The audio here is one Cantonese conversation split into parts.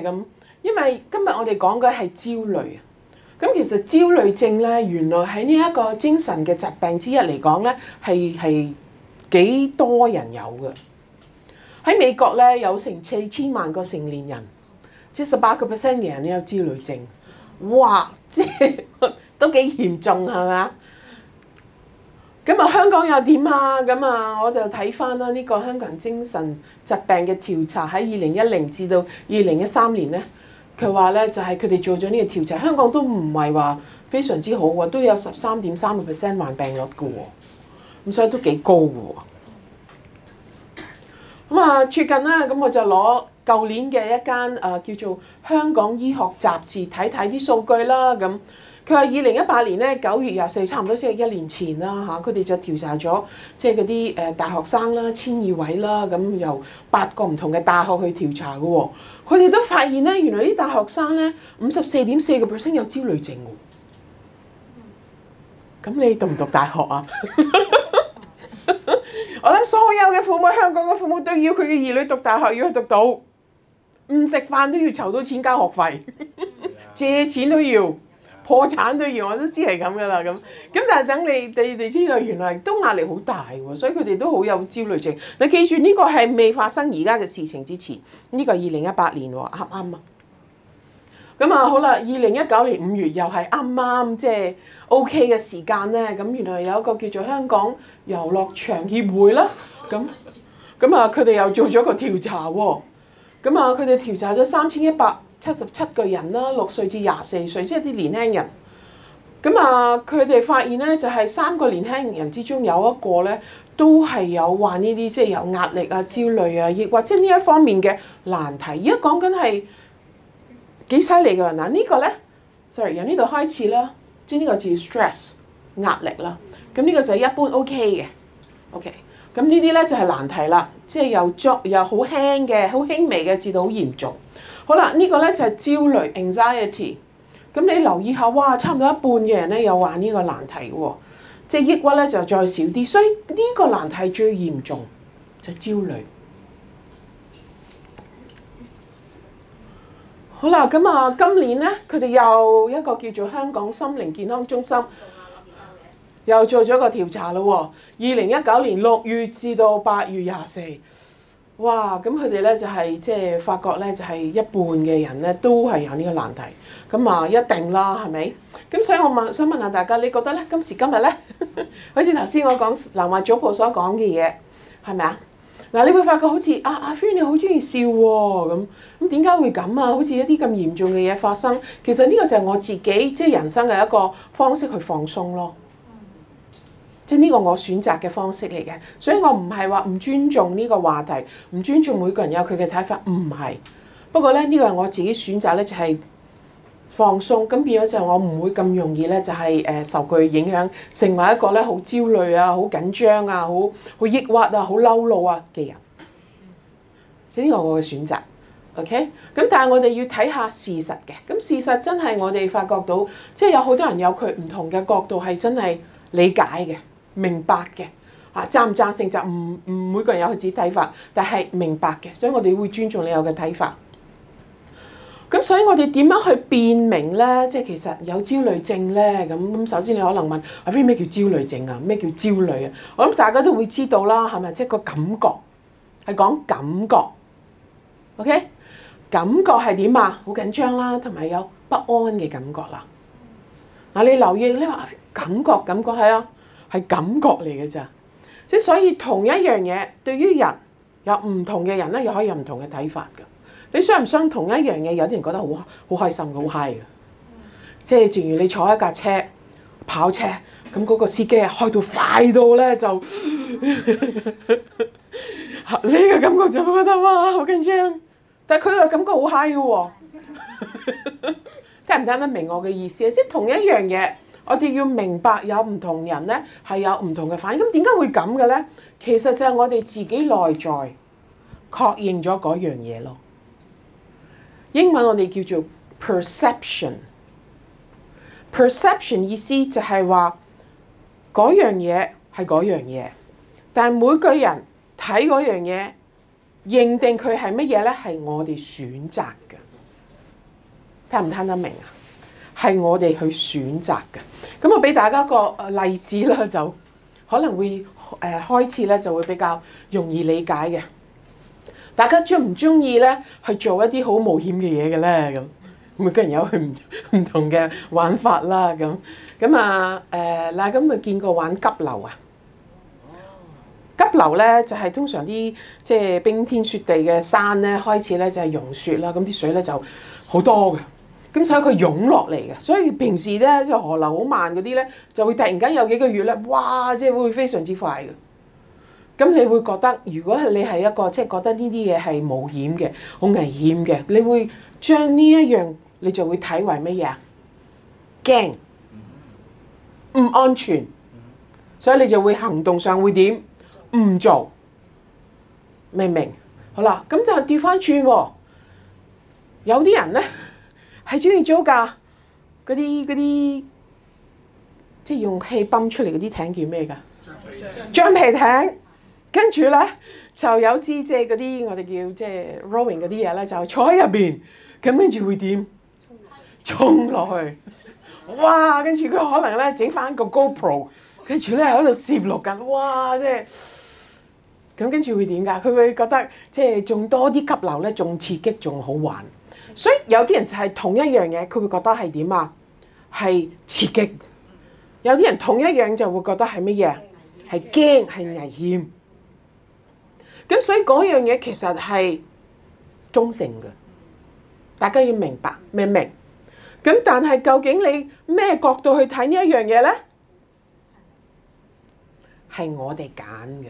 咁，因為今日我哋講嘅係焦慮啊。咁其實焦慮症咧，原來喺呢一個精神嘅疾病之一嚟講咧，係係幾多人有嘅。喺美國咧，有成四千萬個成年人，即係十八個 percent 嘅人都有焦慮症。哇，即係都幾嚴重係嘛？咁啊，香港又點啊？咁啊，我就睇返啦。呢個香港人精神疾病嘅調查喺二零一零至到二零一三年咧，佢話咧就係佢哋做咗呢個調查，香港都唔係話非常之好喎，都有十三點三個 percent 患病率㗎喎，咁所以都幾高嘅喎。咁啊，最近啦，咁我就攞舊年嘅一間誒叫做香港醫學雜誌睇睇啲數據啦，咁。佢話二零一八年咧，九月廿四，差唔多先係一年前啦嚇，佢哋就調查咗即係嗰啲誒大學生啦，千二位啦，咁由八個唔同嘅大學去調查嘅喎，佢哋都發現咧，原來啲大學生咧，五十四點四個 percent 有焦慮症嘅。咁你讀唔讀大學啊？ 我諗所有嘅父母，香港嘅父母都要佢嘅兒女讀大學，要佢讀到唔食飯都要籌到錢交學費，借錢都要。破產隊員我都知係咁噶啦，咁咁但係等你你哋知道原來都壓力好大喎，所以佢哋都好有焦慮症。你記住呢個係未發生而家嘅事情之前，呢、這個係二零一八年喎，啱啱啊。咁、嗯、啊、嗯、好啦，二零一九年五月又係啱啱即係 OK 嘅時間咧，咁原來有一個叫做香港遊樂場協會啦，咁咁啊佢哋又做咗個調查喎，咁啊佢哋調查咗三千一百七十七個人啦，六歲至廿四歲，即係啲年輕人。咁啊，佢哋發現咧，就係、是、三個年輕人之中有一個咧，都係有話呢啲，即係有壓力啊、焦慮啊，亦或者呢一方面嘅難題。而家講緊係幾犀利嘅人嗱、啊，這個、呢個咧，sorry 由呢度開始啦，即係呢個字 stress 壓力啦。咁呢個就係一般 OK 嘅，OK。咁呢啲咧就係、是、難題啦，即係由 jong 又好輕嘅、好輕微嘅至到好嚴重。好啦，呢個呢就係焦慮 （anxiety）。咁你留意下，哇，差唔多一半嘅人呢有患呢個難題喎，即係抑鬱呢就再少啲。所以呢個難題最嚴重就係、焦慮。好啦，咁啊，今年呢，佢哋又一個叫做香港心靈健康中心又做咗個調查啦。喎，二零一九年六月至到八月廿四。哇！咁佢哋咧就係即係發覺咧，就係、是、一半嘅人咧都係有呢個難題。咁啊，一定啦，係咪？咁所以我問想問下問大家，你覺得咧今時今日咧，好似頭先我講南華祖婆所講嘅嘢，係咪啊？嗱，你會發覺好似阿阿菲你好中意笑喎，哦，咁咁點解會咁啊？好似一啲咁嚴重嘅嘢發生，其實呢個就係我自己即係、就是、人生嘅一個方式去放鬆咯。即係呢個是我選擇嘅方式嚟嘅，所以我唔係話唔尊重呢個話題，唔尊重每個人有佢嘅睇法，唔係。不過咧，呢、這個係我自己選擇咧，就係、是、放鬆，咁變咗就係我唔會咁容易咧，就係、是、誒、呃、受佢影響，成為一個咧好焦慮啊、好緊張啊、好好抑鬱啊、好嬲怒啊嘅人。即、這、呢個我嘅選擇，OK。咁但係我哋要睇下事實嘅，咁事實真係我哋發覺到，即、就、係、是、有好多人有佢唔同嘅角度係真係理解嘅。明白嘅，嚇贊唔贊性就唔，唔每個人有佢自己睇法，但係明白嘅，所以我哋會尊重你有嘅睇法。咁所以我哋點樣去辨明咧？即係其實有焦慮症咧。咁首先你可能問啊，咩叫焦慮症啊？咩叫焦慮啊？我諗大家都會知道啦，係咪？即係個感覺係講感覺，OK？感覺係點啊？好緊張啦，同埋有，有不安嘅感覺啦。嗱，你留意你話感覺感覺係啊？係感覺嚟嘅咋，即所以同一樣嘢對於人有唔同嘅人咧，又可以有唔同嘅睇法㗎。你想唔想同一樣嘢，有啲人覺得好好開心好嗨 i 嘅。High, 即係正如你坐一架車跑車，咁、那、嗰個司機啊開到快到咧就呢 個感覺就唔覺得嘩，好緊張。但係佢嘅感覺好嗨嘅喎，聽唔聽得明我嘅意思？即係同一樣嘢。我哋要明白有唔同人咧，係有唔同嘅反應。咁點解會咁嘅咧？其實就係我哋自己內在確認咗嗰樣嘢咯。英文我哋叫做 perception。Perception 意思就係話嗰樣嘢係嗰樣嘢，但係每個人睇嗰樣嘢，認定佢係乜嘢咧？係我哋選擇嘅。聽唔聽得明啊？係我哋去選擇嘅，咁我俾大家一個例子啦，就可能會誒、呃、開始咧就會比較容易理解嘅。大家鍾唔鍾意咧去做一啲好冒險嘅嘢嘅咧？咁，每個人有去唔唔同嘅玩法啦。咁，咁啊誒，嗱咁咪見過玩急流啊？急流咧就係、是、通常啲即係冰天雪地嘅山咧，開始咧就係融雪啦，咁啲水咧就好多嘅。咁所以佢湧落嚟嘅，所以平時咧即河流好慢嗰啲咧，就會突然間有幾個月咧，哇！即係會非常之快嘅。咁你會覺得，如果你係一個即係、就是、覺得呢啲嘢係冒險嘅、好危險嘅，你會將呢一樣你就會睇為乜嘢？驚，唔安全，所以你就會行動上會點？唔做，明唔明？好啦，咁就掉翻轉喎，有啲人咧。係中意租㗎，嗰啲嗰啲即係用氣泵出嚟嗰啲艇叫咩㗎？橡皮，橡皮艇，跟住咧就有支即係嗰啲我哋叫即係 rowing 嗰啲嘢咧，就坐喺入邊，咁跟住會點？衝落去，哇！跟住佢可能咧整翻個 GoPro，跟住咧喺度攝錄緊，哇！即係咁跟住會點㗎？佢會覺得即係仲多啲急流咧，仲刺激，仲好玩。所以有啲人就係同一樣嘢，佢會覺得係點啊？係刺激。有啲人同一樣就會覺得係乜嘢？係驚，係危險。咁所以嗰樣嘢其實係中性嘅，大家要明白明唔明？咁但係究竟你咩角度去睇呢一樣嘢呢？係我哋揀嘅。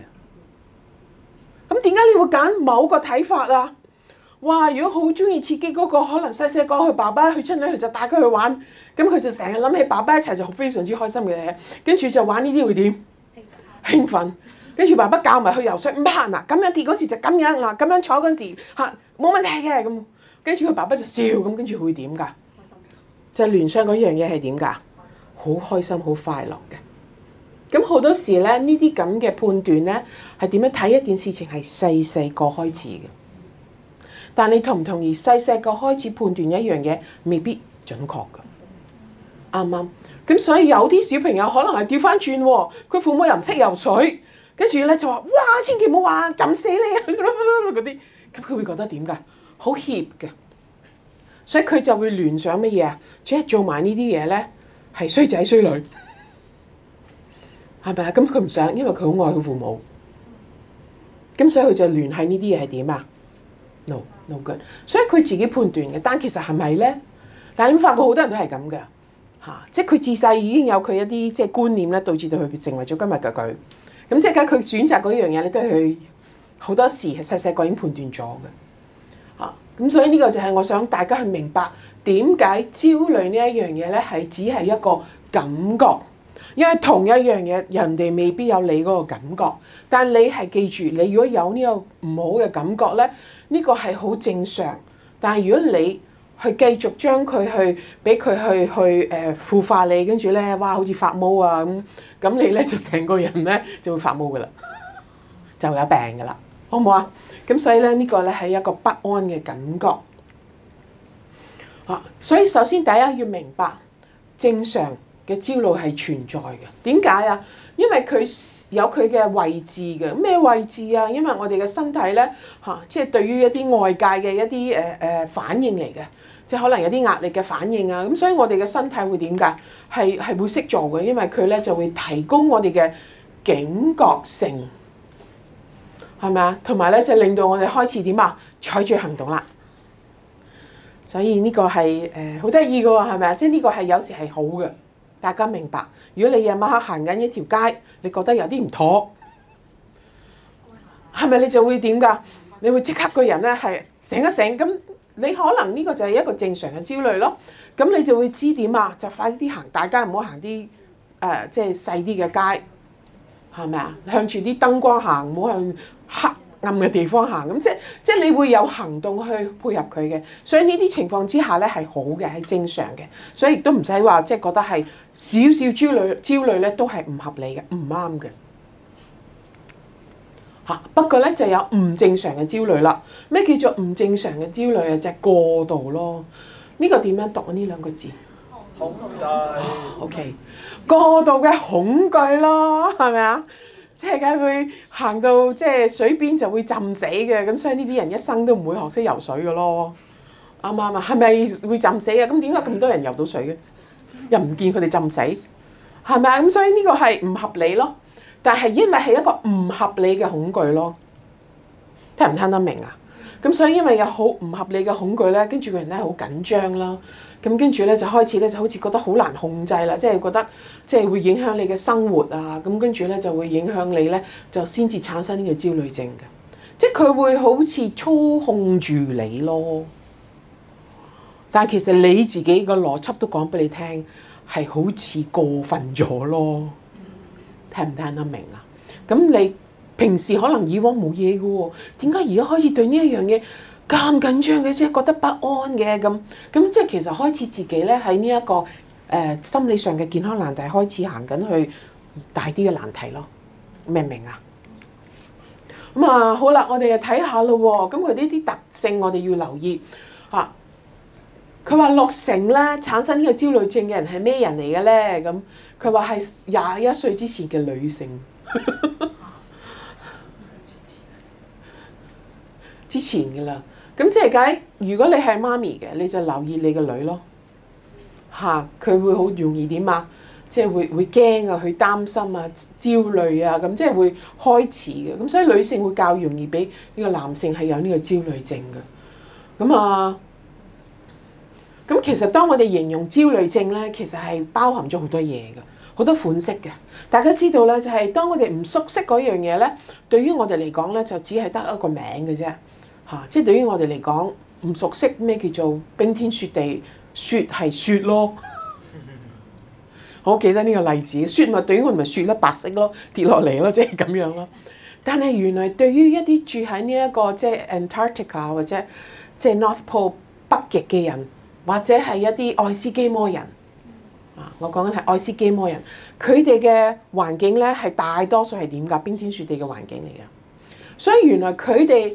咁點解你會揀某個睇法啊？哇！如果好鍾意刺激嗰個，可能細細個佢爸爸去親你，佢就帶佢去玩，咁佢就成日諗起爸爸一齊就非常之開心嘅嘢，跟住就玩呢啲會點？興奮。跟住爸爸教埋佢去游水，唔怕嗱，咁樣跌嗰時就咁樣，嗱咁樣坐嗰時吓，冇問題嘅咁。跟住佢爸爸就笑，咁跟住會點㗎？就聯想嗰樣嘢係點㗎？好開心，好快樂嘅。咁好多時咧，呢啲咁嘅判斷咧，係點樣睇一件事情係細細個開始嘅？但你同唔同意細細個開始判斷一樣嘢未必準確噶？啱啱？咁所以有啲小朋友可能係調翻轉，佢父母又唔識游水，跟住咧就話：哇，千祈唔好話浸死你啊！嗰啲咁佢會覺得點噶？好怯嘅，所以佢就會聯想乜嘢啊？即係做埋呢啲嘢咧，係衰仔衰女，係咪啊？咁佢唔想，因為佢好愛佢父母，咁所以佢就聯繫呢啲嘢係點啊？no。No、所以佢自己判斷嘅，但其實係咪咧？但你發覺好多人都係咁嘅，嚇，oh. 即係佢自細已經有佢一啲即係觀念咧，導致到佢成為咗今日嘅佢。咁即係咧，佢選擇嗰樣嘢咧，都係佢好多時細細個已經判斷咗嘅。嚇、啊，咁所以呢個就係我想大家去明白點解焦慮呢一樣嘢咧，係只係一個感覺。因為同一樣嘢，人哋未必有你嗰個感覺，但你係記住，你如果有呢個唔好嘅感覺咧，呢個係好正常。但係如果你去繼續將佢去俾佢去去誒腐化你，跟住咧，哇，好似發毛啊咁，咁你咧就成個人咧就會發毛噶啦，就有病噶啦，好唔好啊？咁所以咧，呢個咧係一個不安嘅感覺。啊，所以首先第一要明白正常。嘅焦慮係存在嘅，點解啊？因為佢有佢嘅位置嘅，咩位置啊？因為我哋嘅身體咧，嚇，即係對於一啲外界嘅一啲誒誒反應嚟嘅，即係可能有啲壓力嘅反應啊。咁所以我哋嘅身體會點解？係係會識做嘅，因為佢咧就會提高我哋嘅警覺性，係咪啊？同埋咧就令到我哋開始點啊，採取行動啦。所以呢個係誒好得意㗎喎，係咪啊？即係呢個係有時係好嘅。大家明白，如果你夜晚黑行緊一條街，你覺得有啲唔妥，係咪你就會點㗎？你會即刻個人咧係醒一醒，咁你可能呢個就係一個正常嘅焦慮咯。咁你就會知點啊？就快啲行大街，唔好行啲誒即係細啲嘅街，係咪啊？向住啲燈光行，唔好向黑暗嘅地方行，咁即即你會有行動去配合佢嘅，所以呢啲情況之下咧係好嘅，係正常嘅，所以亦都唔使話即覺得係少少焦慮焦慮咧都係唔合理嘅，唔啱嘅。不過咧就有唔正常嘅焦慮啦，咩叫做唔正常嘅焦慮啊？即、就是、過度咯，呢、這個點樣讀呢兩個字，恐 o k 過度嘅恐懼咯，係咪啊？即係梗係會行到即係水邊就會浸死嘅，咁所以呢啲人一生都唔會學識游水嘅咯。啱唔啱啊？係咪會浸死嘅？咁點解咁多人游到水嘅？又唔見佢哋浸死，係咪啊？咁所以呢個係唔合理咯。但係因為係一個唔合理嘅恐懼咯。聽唔聽得明啊？咁所以因為有好唔合理嘅恐懼咧，跟住個人咧好緊張啦。咁跟住咧就開始咧就好似覺得好難控制啦，即係覺得即係會影響你嘅生活啊。咁跟住咧就會影響你咧，就先至產生呢個焦慮症嘅。即係佢會好似操控住你咯。但係其實你自己個邏輯都講俾你聽，係好似過分咗咯。聽唔聽得明啊？咁你，平時可能以往冇嘢嘅喎，點解而家開始對呢一樣嘢咁緊張嘅啫？覺得不安嘅咁，咁即係其實開始自己咧喺呢一、這個誒、呃、心理上嘅健康難題開始行緊去大啲嘅難題咯。明唔明啊？咁啊好啦，我哋又睇下咯喎。咁佢呢啲特性我哋要留意吓。佢、啊、話六成咧產生呢個焦慮症嘅人係咩人嚟嘅咧？咁佢話係廿一歲之前嘅女性。 之前嘅啦，咁即係解。如果你係媽咪嘅，你就留意你個女咯吓，佢會好容易點啊？即係會會驚啊，去擔心啊，焦慮啊，咁即係會開始嘅。咁所以女性會較容易俾呢個男性係有呢個焦慮症嘅。咁啊，咁其實當我哋形容焦慮症咧，其實係包含咗好多嘢嘅，好多款式嘅。大家知道咧，就係當我哋唔熟悉嗰樣嘢咧，對於我哋嚟講咧，就只係得一個名嘅啫。嚇！即係對於我哋嚟講，唔熟悉咩叫做冰天雪地，雪係雪咯。 我記得呢個例子，雪咪對於我哋咪雪粒白色咯，跌落嚟咯，即係咁樣咯。但係原來對於一啲住喺呢一個即係 Antarctica 或者即係 North Pole 北極嘅人，或者係一啲愛斯基摩人啊，我講緊係愛斯基摩人，佢哋嘅環境咧係大多數係點㗎？冰天雪地嘅環境嚟㗎，所以原來佢哋。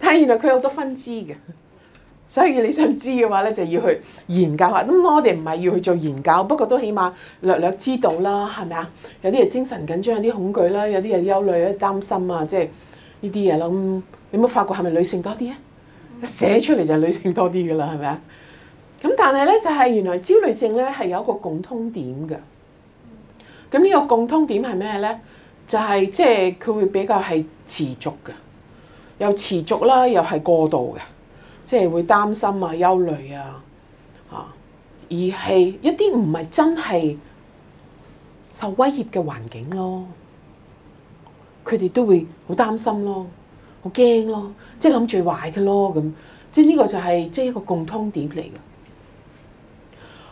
睇原來佢有好多分支嘅，所以你想知嘅話咧，就要去研究下。咁我哋唔係要去做研究，不過都起碼略略知道啦，係咪啊？有啲人精神緊張，有啲恐懼啦，有啲人憂慮咧、擔心啊，即係呢啲嘢啦。你有冇發覺係咪女性多啲啊？寫出嚟就係女性多啲嘅啦，係咪啊？咁但係咧，就係原來焦慮症咧係有一個共通點嘅。咁呢個共通點係咩咧？就係即係佢會比較係持續嘅。又持續啦，又係過度嘅，即係會擔心啊、憂慮啊，嚇、啊，而係一啲唔係真係受威脅嘅環境咯，佢哋都會好擔心咯，好驚咯，即係諗住壞嘅咯咁，即係呢個就係即係一個共通點嚟嘅。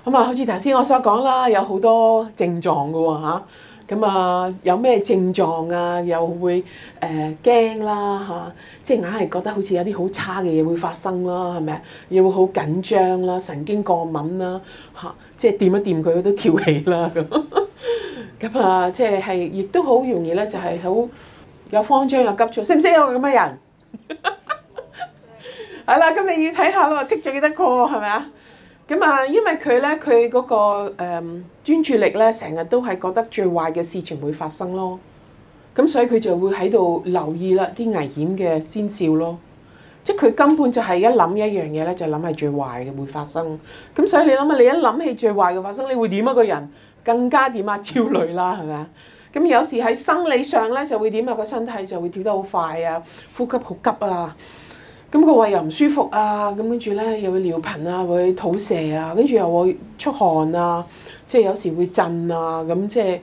咁啊，好似頭先我所講啦，有好多症狀㗎、啊。咁啊，有咩症狀啊？又會誒驚啦嚇，即係硬係覺得好似有啲好差嘅嘢會發生啦，係咪？又會好緊張啦，神經過敏啦嚇，即係掂一掂佢都跳起啦咁。咁啊，即係係亦都好容易咧，就係好有慌張有急躁，識唔識有咁嘅人？係啦，咁你要睇下咯，剔咗幾多個係咪啊？是咁啊，因為佢咧，佢嗰個誒專注力咧，成日都係覺得最壞嘅事情會發生咯。咁所以佢就會喺度留意啦，啲危險嘅先兆咯。即係佢根本就係一諗一樣嘢咧，就諗係最壞嘅會發生。咁所以你諗下，你一諗起最壞嘅發生，你會點啊？個人更加點啊？焦慮啦，係咪啊？咁有時喺生理上咧，就會點啊？個身體就會跳得好快啊，呼吸好急啊。咁個胃又唔舒服啊！咁跟住咧又會尿頻啊，會肚瀉啊，跟住又會出汗啊，即係有時會震啊，咁即係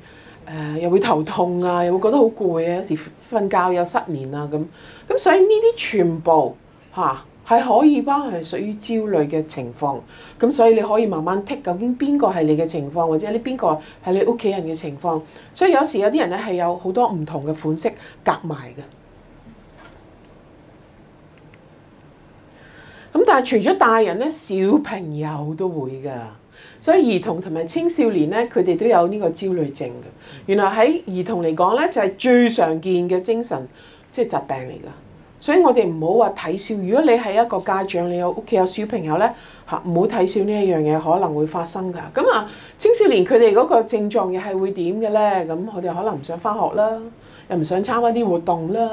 誒又會頭痛啊，又會覺得好攰啊，有時瞓覺又失眠啊，咁咁所以呢啲全部嚇係可以話係屬於焦慮嘅情況。咁所以你可以慢慢剔，究竟邊個係你嘅情況，或者啲邊個係你屋企人嘅情況。所以有時有啲人咧係有好多唔同嘅款式夾埋嘅。咁但係除咗大人咧，小朋友都會噶，所以兒童同埋青少年咧，佢哋都有呢個焦慮症嘅。原來喺兒童嚟講咧，就係最常見嘅精神即係疾病嚟噶。所以我哋唔好話睇小，如果你係一個家長，你有屋企有小朋友咧，嚇唔好睇小呢一樣嘢可能會發生㗎。咁啊，青少年佢哋嗰個症狀又係會點嘅咧？咁佢哋可能唔想返學啦，又唔想參加啲活動啦。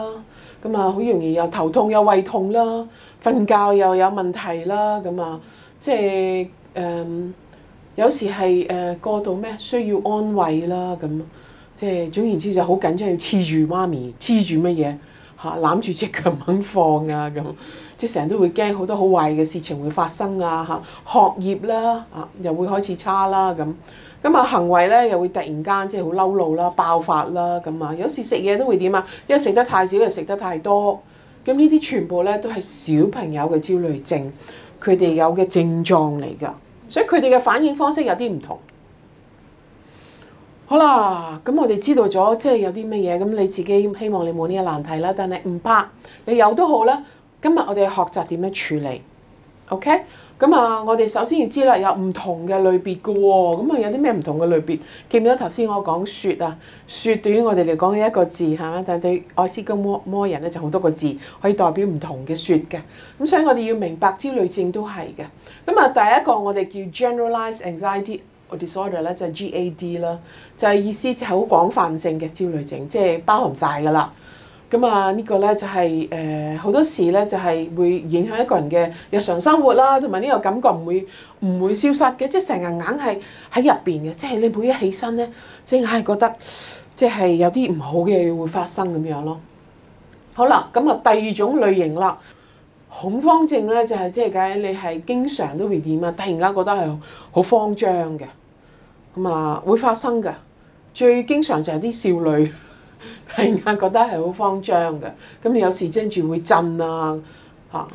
咁啊，好容易又頭痛又胃痛啦，瞓覺又有問題啦，咁啊，即係誒、呃，有時係誒、呃、過度咩需要安慰啦，咁即係總言之就好緊張，要黐住媽咪黐住乜嘢。嚇，攬住隻腳唔肯放啊，咁，即成日都會驚好多好壞嘅事情會發生啊，嚇，學業啦，啊，又會開始差啦，咁，咁啊行為咧，又會突然間即係好嬲怒啦，爆發啦，咁啊有時食嘢都會點啊，因為食得太少又食得太多，咁呢啲全部咧都係小朋友嘅焦慮症，佢哋有嘅症狀嚟㗎，所以佢哋嘅反應方式有啲唔同。好啦，咁我哋知道咗，即係有啲咩嘢，咁你自己希望你冇呢個難題啦。但係唔怕，你有都好啦。今日我哋學習點樣處理，OK？咁啊，我哋首先要知道有唔同嘅類別嘅喎、哦，咁啊有啲咩唔同嘅類別？記唔記得頭先我講雪啊？雪對於我哋嚟講係一個字，但對愛斯基摩人咧就好多個字，可以代表唔同嘅雪嘅。咁所以我哋要明白焦慮症都係嘅。咁啊，第一個我哋叫 generalized anxiety。我 disorder 咧就係 GAD 啦，就係意思就係好廣泛性嘅焦慮症，即係包含晒噶啦。咁啊，呢個咧就係誒好多時咧就係會影響一個人嘅日常生活啦，同埋呢個感覺唔會唔會消失嘅，即係成日硬係喺入邊嘅，即係你每一起身咧，即硬係覺得即係有啲唔好嘅會發生咁樣咯。好啦，咁啊第二種類型啦。恐慌症咧就係即係解你係經常都會點啊？突然間覺得係好慌張嘅，咁啊會發生嘅。最經常就係啲少女突然間覺得係好慌張嘅。咁你有時驚住會震啊嚇。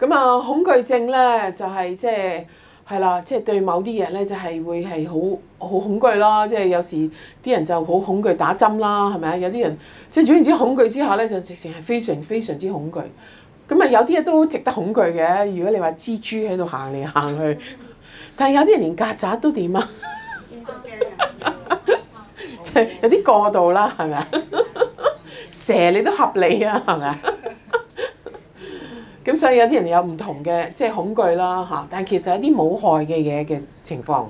咁啊，恐懼症咧就係即係係啦，即係對某啲嘢咧就係會係好好恐懼啦。即係有時啲人就好恐懼打針啦，係咪啊？有啲人即係總言之，恐懼之下咧就直情係非常非常之恐懼。咁啊，有啲嘢都值得恐懼嘅。如果你話蜘蛛喺度行嚟行去，但係有啲人連曱甴都點啊？唔 Okay. 即係有啲過度啦，係咪啊？蛇你都合理啊，係咪啊？咁所以有啲人有唔同嘅即係恐懼啦，嚇！但係其實有啲冇害嘅嘢嘅情況。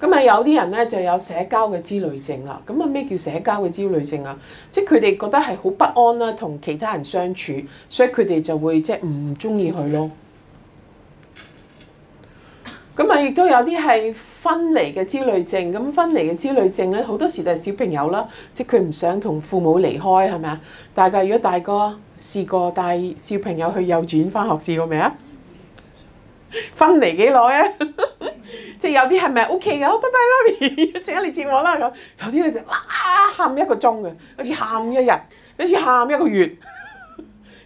咁啊，有啲人咧就有社交嘅焦慮症啦。咁啊，咩叫社交嘅焦慮症啊？即係佢哋覺得係好不安啦，同其他人相處，所以佢哋就會即係唔中意佢咯。咁啊，亦都有啲係分離嘅焦慮症。咁分離嘅焦慮症咧，好多時都係小朋友啦。即係佢唔想同父母離開，係咪啊？大家如果大個試過帶小朋友去幼稚園返學試過未啊？分離幾耐啊？即 係有啲係咪 OK 嘅？好，拜拜媽咪，請你接我啦咁。有啲咧就哇喊，喊一個鐘嘅，好似喊一日，好似喊一個月。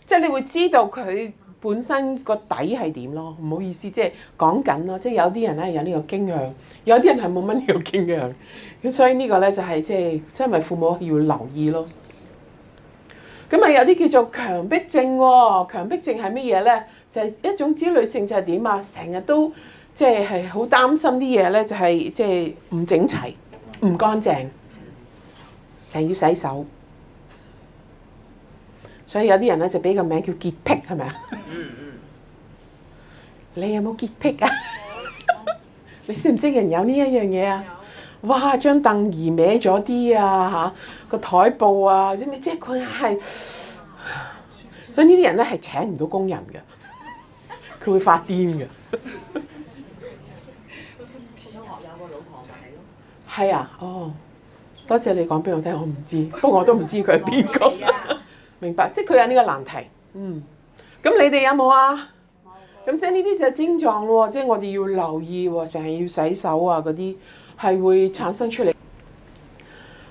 即 係你會知道佢本身個底係點咯。唔好意思，即係講緊咯。即係有啲人咧有呢個傾向，有啲人係冇乜呢個傾向。咁所以呢個咧就係即係，即係咪父母要留意咯？咁啊，有啲叫做強迫症喎，強迫症係乜嘢咧？就係一種焦慮症，就係點啊？成日都即係係好擔心啲嘢咧，就係即係唔整齊、唔乾淨，淨係要洗手。所以有啲人咧就俾個名叫潔癖係咪啊？嗯嗯。你有冇潔癖啊？你識唔識人有呢一樣嘢啊？有。哇！張凳兒歪咗啲啊嚇，個枱布啊，即係即係佢係。所以呢啲人咧係請唔到工人嘅。佢會發癲嘅。慈安學有個老婆就係咯。係啊，哦，多謝你講俾我聽，我唔知，不過我都唔知佢係邊個。明白，即係佢有呢個難題。嗯，咁你哋有冇啊？咁即係呢啲就係症狀咯，即係我哋要留意，成日要洗手啊嗰啲，係會產生出嚟。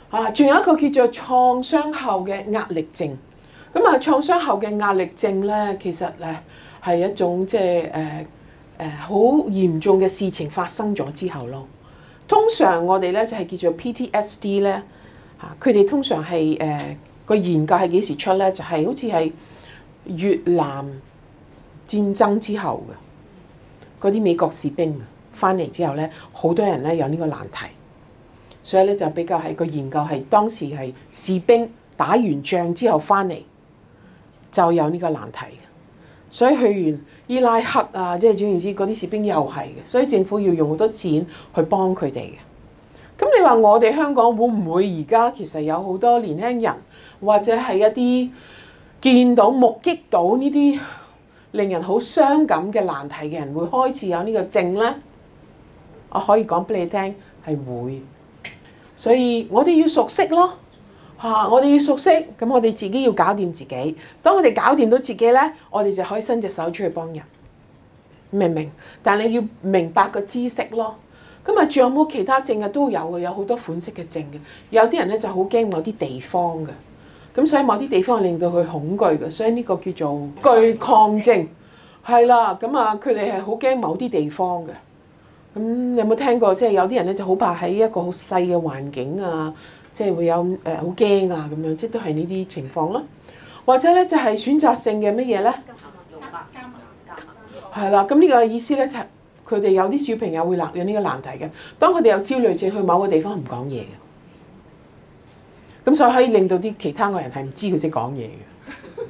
啊，仲有一個叫做創傷後嘅壓力症。咁啊，創傷後嘅壓力症咧，其實咧。係一種即係誒誒好嚴重嘅事情發生咗之後咯。通常我哋咧就係叫做 PTSD 咧嚇，佢哋通常係誒個研究係幾時出咧？就係好似係越南戰爭之後嘅嗰啲美國士兵翻嚟之後咧，好多人咧有呢個難題，所以咧就比較係個研究係當時係士兵打完仗之後翻嚟就有呢個難題。所以去完伊拉克啊，即係總言之，嗰啲士兵又係嘅，所以政府要用好多錢去幫佢哋嘅。咁你話我哋香港會唔會而家其實有好多年輕人或者係一啲見到目擊到呢啲令人好傷感嘅難題嘅人，會開始有呢個症呢？我可以講俾你聽係會，所以我哋要熟悉咯。嚇、啊！我哋要熟悉，咁我哋自己要搞掂自己。當我哋搞掂到自己咧，我哋就可以伸隻手出去幫人，明唔明？但係你要明白個知識咯。咁啊，仲有冇其他症啊？都有嘅，有好多款式嘅症嘅。有啲人咧就好驚某啲地方嘅，咁所以某啲地方係令到佢恐懼嘅，所以呢個叫做巨抗症，係啦。咁啊，佢哋係好驚某啲地方嘅。咁你有冇聽過？即係有啲人咧就好怕喺一個好細嘅環境啊。即係會有誒好驚啊，咁樣，即都係呢啲情況啦。或者咧就係選擇性嘅乜嘢咧？係啦，咁、這、呢個意思咧就係佢哋有啲小朋友會鬧有呢個難題嘅。當佢哋有焦慮症去某個地方唔講嘢嘅，咁所以可以令到啲其他嘅人係唔知佢識講嘢嘅。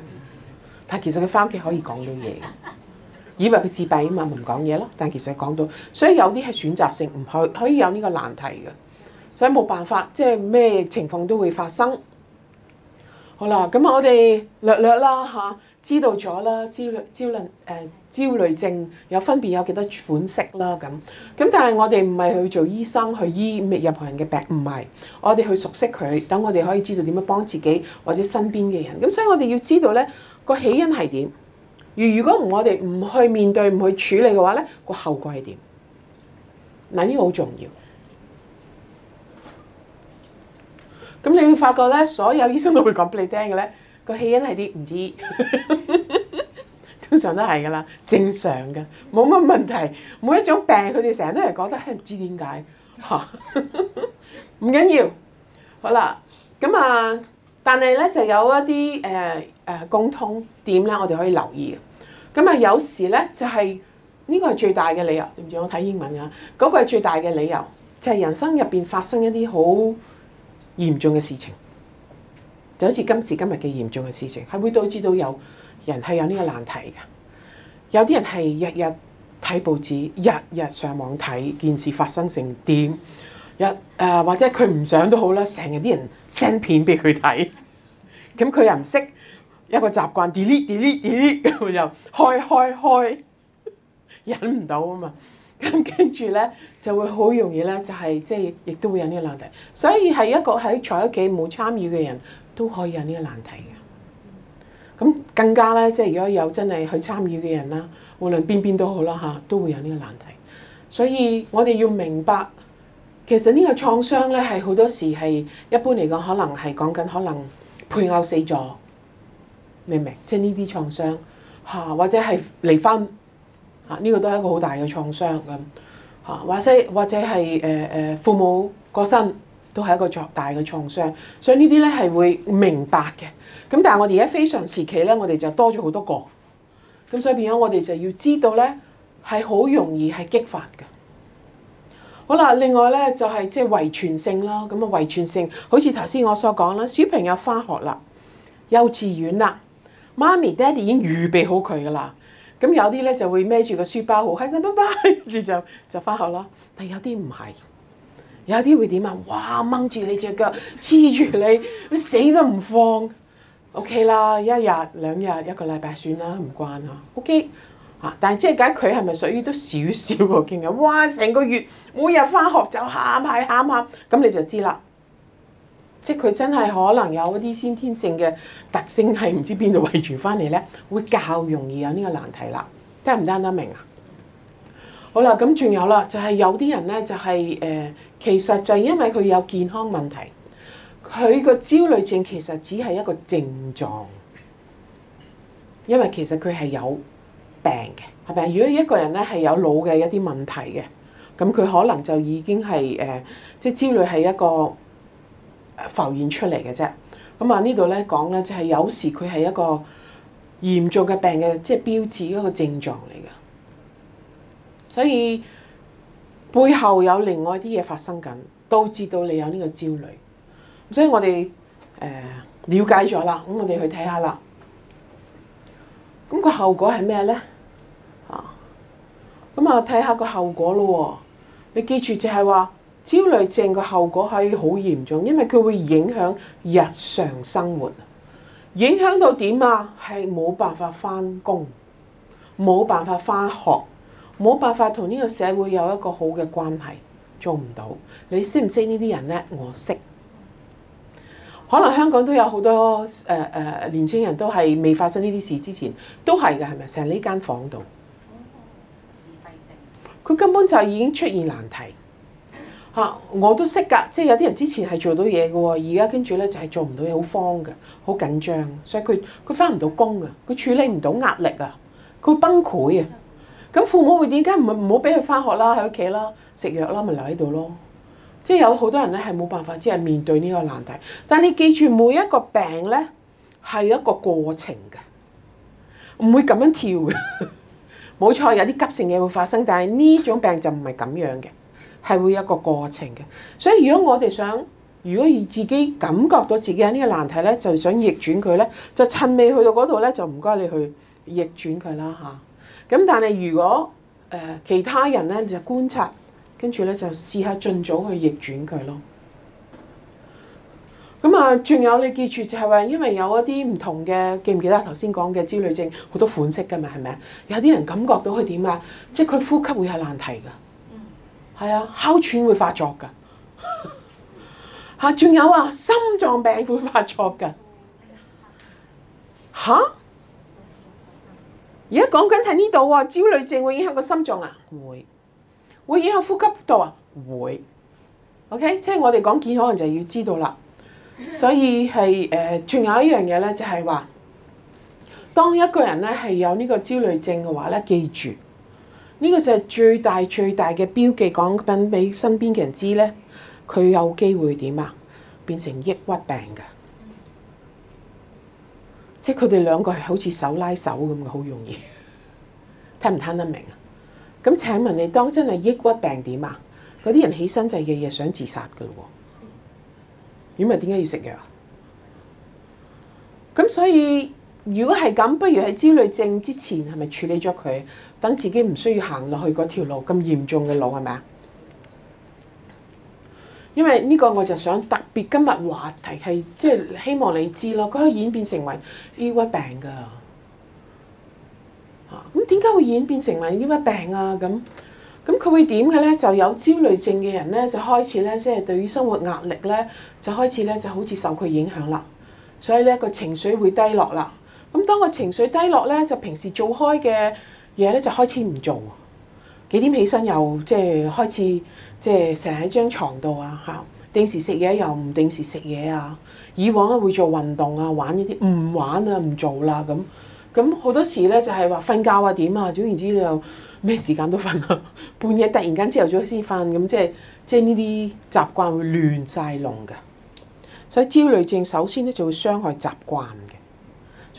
但係其實佢翻屋企可以講到嘢嘅，以為佢自閉啊嘛唔講嘢咯。但係其實講到，所以有啲係選擇性唔可以可以有呢個難題嘅。所以冇辦法，即係咩情況都會發生。好啦，咁我哋略略啦嚇、啊，知道咗啦，焦慮焦慮誒焦慮症有分別有幾多款式啦咁。咁但係我哋唔係去做醫生去醫每任何人嘅病，唔係我哋去熟悉佢，等我哋可以知道點樣幫自己或者身邊嘅人。咁所以我哋要知道咧個起因係點。而如果唔我哋唔去面對、唔去處理嘅話咧，個後果係點？嗱呢個好重要。咁你會發覺咧，所有醫生都會講俾你聽嘅咧，個起因係啲唔知，通常都係噶啦，正常嘅，冇乜問題。每一種病，佢哋成日都係講得，係唔知點解嚇，唔緊要。好啦，咁啊，但係咧就有一啲誒誒共通點咧，我哋可以留意嘅。咁啊，有時咧就係呢個係最大嘅理由，唔知我睇英文嘅嚇，嗰個係最大嘅理由，就係人生入邊發生一啲好。嚴重嘅事情，就好似今時今日嘅嚴重嘅事情，係會導致到有人係有呢個難題嘅。有啲人係日日睇報紙，日日上網睇件事發生成點。一誒、呃、或者佢唔想都好啦，成日啲人 send 片畀佢睇，咁佢又唔識，一個習慣 delete delete delete，佢 就開開開，忍唔到吖嘛～咁跟住咧就會好容易咧就係即係亦都會有呢個難題，所以係一個喺在屋企冇參與嘅人都可以有呢個難題嘅。咁更加咧即係如果有真係去參與嘅人啦，無論邊邊都好啦嚇，都會有呢個難題。所以我哋要明白，其實呢個創傷咧係好多時係一般嚟講，可能係講緊可能配偶死咗，明唔明？即係呢啲創傷嚇，或者係離婚。呢個都係一個好大嘅創傷咁，嚇或者或者係誒誒父母過身都係一個作大嘅創傷，所以呢啲咧係會明白嘅。咁但係我哋而家非常時期咧，我哋就多咗好多個，咁所以變咗我哋就要知道咧係好容易係激發嘅。好啦，另外咧就係即係遺傳性咯，咁啊遺傳性好似頭先我所講啦，小朋友返學啦，幼稚園啦，媽咪爹哋已經預備好佢㗎啦。咁有啲咧就會孭住個書包好開心，拜拜，跟住就就翻學啦。但有啲唔係，有啲會點啊？哇，掹住你隻腳，黐住你，死都唔放。OK 啦，一日兩日一個禮拜算啦，唔關啊，OK? 啊。OK 嚇，但係即係咁，佢係咪屬於都少少個驚啊？哇，成個月每日翻學就喊係喊喊，咁你就知啦。即係佢真係可能有一啲先天性嘅特性係唔知邊度遺傳翻嚟咧，會較容易有呢個難題啦。聽唔聽得明啊？好啦，咁仲有啦，就係有啲人咧，就係誒，其實就係因為佢有健康問題，佢個焦慮症其實只係一個症狀，因為其實佢係有病嘅，係咪？如果一個人咧係有腦嘅一啲問題嘅，咁佢可能就已經係誒，即係焦慮係一個。浮現出嚟嘅啫，咁啊呢度咧講咧就係有時佢係一個嚴重嘅病嘅，即係標誌一個症狀嚟嘅。所以背後有另外啲嘢發生緊，導致到你有呢個焦慮。所以我哋誒、呃、了解咗啦，咁我哋去睇下啦。咁、個後果係咩咧？啊，咁啊睇下個後果咯。你記住就係話。焦慮症嘅後果係好嚴重，因為佢會影響日常生活，影響到點啊？係冇辦法翻工，冇辦法翻學，冇辦法同呢個社會有一個好嘅關係，做唔到。你識唔識呢啲人呢？我識，可能香港都有好多誒誒，年輕人都係未發生呢啲事之前都係嘅，係咪？成日呢間房度，佢根本就已經出現難題。嚇！我都識㗎，即係有啲人之前係做到嘢嘅喎，而家跟住咧就係做唔到嘢，好慌嘅，好緊張，所以佢佢翻唔到工嘅，佢處理唔到壓力啊，佢崩潰啊！咁父母會點解唔唔好俾佢返學啦？喺屋企啦，食藥啦，咪留喺度咯？即係有好多人咧係冇辦法，只係面對呢個難題。但係你記住，每一個病咧係一個過程嘅，唔會咁樣跳嘅。冇錯，有啲急性嘢會發生，但係呢種病就唔係咁樣嘅。係會有一個過程嘅，所以如果我哋想，如果以自己感覺到自己有呢個難題咧，就想逆轉佢咧，就趁未去到嗰度咧，就唔該你去逆轉佢啦嚇。咁但係如果誒、呃、其他人咧就觀察，跟住咧就試下盡早去逆轉佢咯。咁啊，仲有你記住就係話，因為有一啲唔同嘅，記唔記得頭先講嘅焦慮症好多款式噶嘛，係咪啊？有啲人感覺到佢點啊？即係佢呼吸會係難題噶。係啊，哮喘會發作噶，吓、啊，仲有啊，心臟病會發作噶，吓、啊，而家講緊喺呢度啊，焦慮症會影響個心臟啊？會，會影響呼吸道啊？會，OK，即係我哋講檢，可能就要知道啦。所以係誒，仲、呃、有一樣嘢咧，就係、是、話，當一個人咧係有呢個焦慮症嘅話咧，記住。呢個就係最大最大嘅標記，講緊俾身邊嘅人知咧，佢有機會點啊？變成抑鬱病㗎，即係佢哋兩個係好似手拉手咁嘅，好容易，聽唔聽得明啊？咁請問你當真係抑鬱病點啊？嗰啲人起身就日日想自殺㗎咯喎，咁咪點解要食藥？咁所以如果係咁，不如喺焦慮症之前係咪處理咗佢？等自己唔需要行落去嗰條路咁嚴重嘅路係咪啊？因為呢個我就想特別今日話題係即係希望你知咯，佢演變成為抑鬱病噶。咁點解會演變成為抑鬱、啊、病啊？咁咁佢會點嘅咧？就有焦慮症嘅人咧，就開始咧即係對於生活壓力咧，就開始咧就好似受佢影響啦。所以咧個情緒會低落啦。咁當個情緒低落咧，就平時做開嘅。然後咧就開始唔做，幾點起身又即係開始即係成喺張床度啊嚇，定時食嘢又唔定時食嘢啊，以往啊會做運動啊、玩呢啲，唔玩啊唔做啦咁，咁好多時咧就係話瞓覺啊點啊，總然之又咩時間都瞓啊，半夜突然間朝頭早先瞓咁，即係即係呢啲習慣會亂晒龍嘅，所以焦慮症首先咧就會傷害習慣嘅。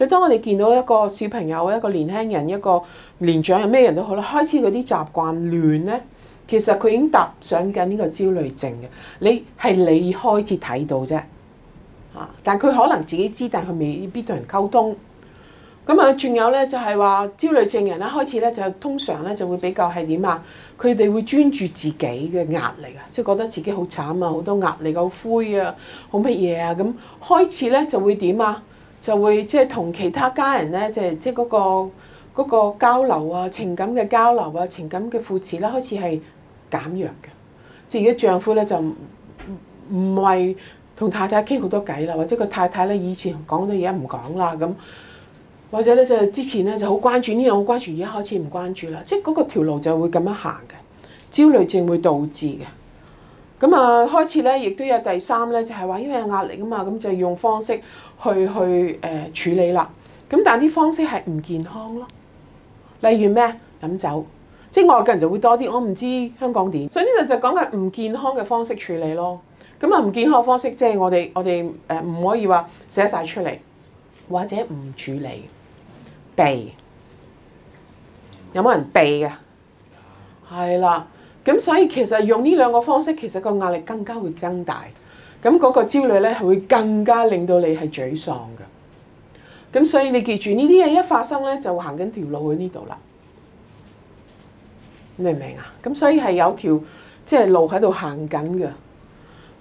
佢當我哋見到一個小朋友、一個年輕人、一個年長人，咩人都好啦，開始佢啲習慣亂咧，其實佢已經踏上緊呢個焦慮症嘅。你係你開始睇到啫，嚇！但佢可能自己知，但佢未必同人溝通。咁啊，仲有咧就係話焦慮症人咧開始咧就通常咧就會比較係點啊？佢哋會專注自己嘅壓力啊，即係覺得自己好慘啊，好多壓力好灰啊，好乜嘢啊？咁開始咧就會點啊？就會即係同其他家人咧，即係即係嗰個交流啊、情感嘅交流啊、情感嘅扶持咧，開始係減弱嘅。即係而家丈夫咧就唔唔係同太太傾好多偈啦，或者個太太咧以前講咗嘢唔講啦咁，或者咧就之前咧就好關注呢樣，好關注而家開始唔關注啦。即係嗰個條路就會咁樣行嘅，焦慮症會導致嘅。咁啊，開始咧，亦都有第三咧，就係話因為有壓力啊嘛，咁就用方式去去誒處理啦。咁但啲方式係唔健康咯，例如咩？飲酒，即外國人就會多啲，我唔知香港點。所以呢度就講緊唔健康嘅方式處理咯。咁啊，唔健康嘅方式即係我哋我哋誒唔可以話寫晒出嚟，或者唔處理避，有冇人避啊？係啦。咁所以其實用呢兩個方式，其實個壓力更加會增大，咁嗰個焦慮咧係會更加令到你係沮喪嘅。咁所以你記住呢啲嘢一發生咧，就行緊條路去呢度啦。明唔明啊？咁所以係有條即係路喺度行緊嘅，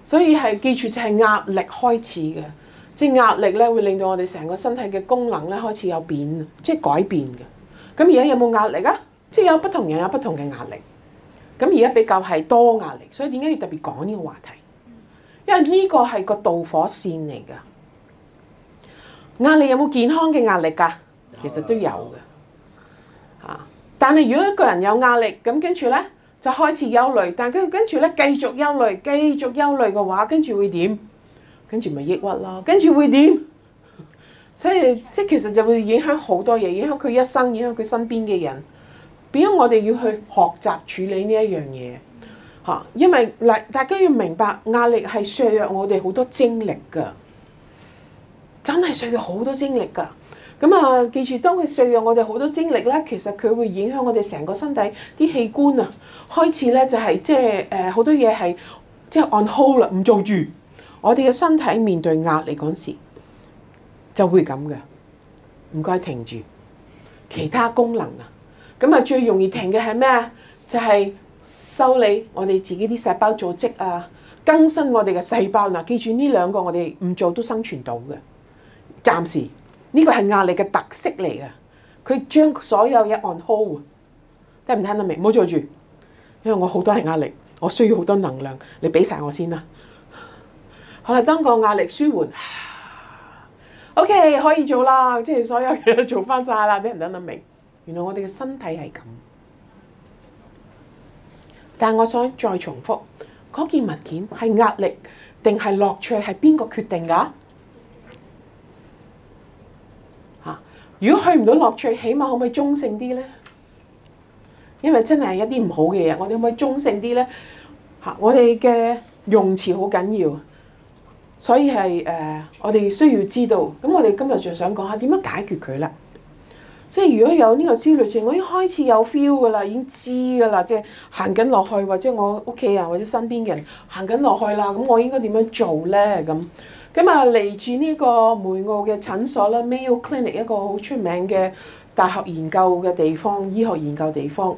所以係記住就係壓力開始嘅，即係壓力咧會令到我哋成個身體嘅功能咧開始有變，即係改變嘅。咁而家有冇壓力啊？即係有不同人有不同嘅壓力。咁而家比較係多壓力，所以點解要特別講呢個話題？因為呢個係個導火線嚟㗎。壓力有冇健康嘅壓力㗎？其實都有嘅。嚇！但係如果一個人有壓力，咁跟住咧就開始憂慮，但跟跟住咧繼續憂慮、繼續憂慮嘅話，跟住會點？跟住咪抑鬱咯。跟住會點？所以即係其實就會影響好多嘢，影響佢一生，影響佢身邊嘅人。點解我哋要去學習處理呢一樣嘢？嚇，因為嗱，大家要明白壓力係削弱我哋好多精力噶，真係削弱好多精力噶。咁啊，記住，當佢削弱我哋好多精力咧，其實佢會影響我哋成個身體啲器官啊，開始咧就係即係誒好多嘢係即係 on hold 啦，唔做住。我哋嘅身體面對壓力嗰陣時就會咁嘅，唔該停住，其他功能啊。咁啊，最容易停嘅係咩啊？就係修理我哋自己啲細胞組織啊，更新我哋嘅細胞嗱。記住呢兩個，我哋唔做都生存到嘅。暫時呢個係壓力嘅特色嚟嘅，佢將所有嘢 on hold。聽唔聽得明？唔好做住，因為我好多係壓力，我需要好多能量，你俾晒我先啦。好啦，當個壓力舒緩，OK 可以做啦，即係所有嘢做翻晒啦。聽唔聽得明？原來我哋嘅身體係咁，但係我想再重複，嗰件物件係壓力定係樂趣係邊個決定㗎？嚇、啊！如果去唔到樂趣，起碼可唔可以中性啲咧？因為真係一啲唔好嘅嘢，我哋可唔可以中性啲咧？嚇、啊！我哋嘅用詞好緊要，所以係誒、呃，我哋需要知道。咁我哋今日就想講下點樣解決佢啦。即係如果有呢個焦慮症，我已經開始有 feel 㗎啦，已經知㗎啦，即係行緊落去，或者我屋企人或者身邊人行緊落去啦，咁我應該點樣做咧？咁咁啊嚟住呢個梅奧嘅診所啦，Mayo Clinic 一個好出名嘅大學研究嘅地方，醫學研究地方。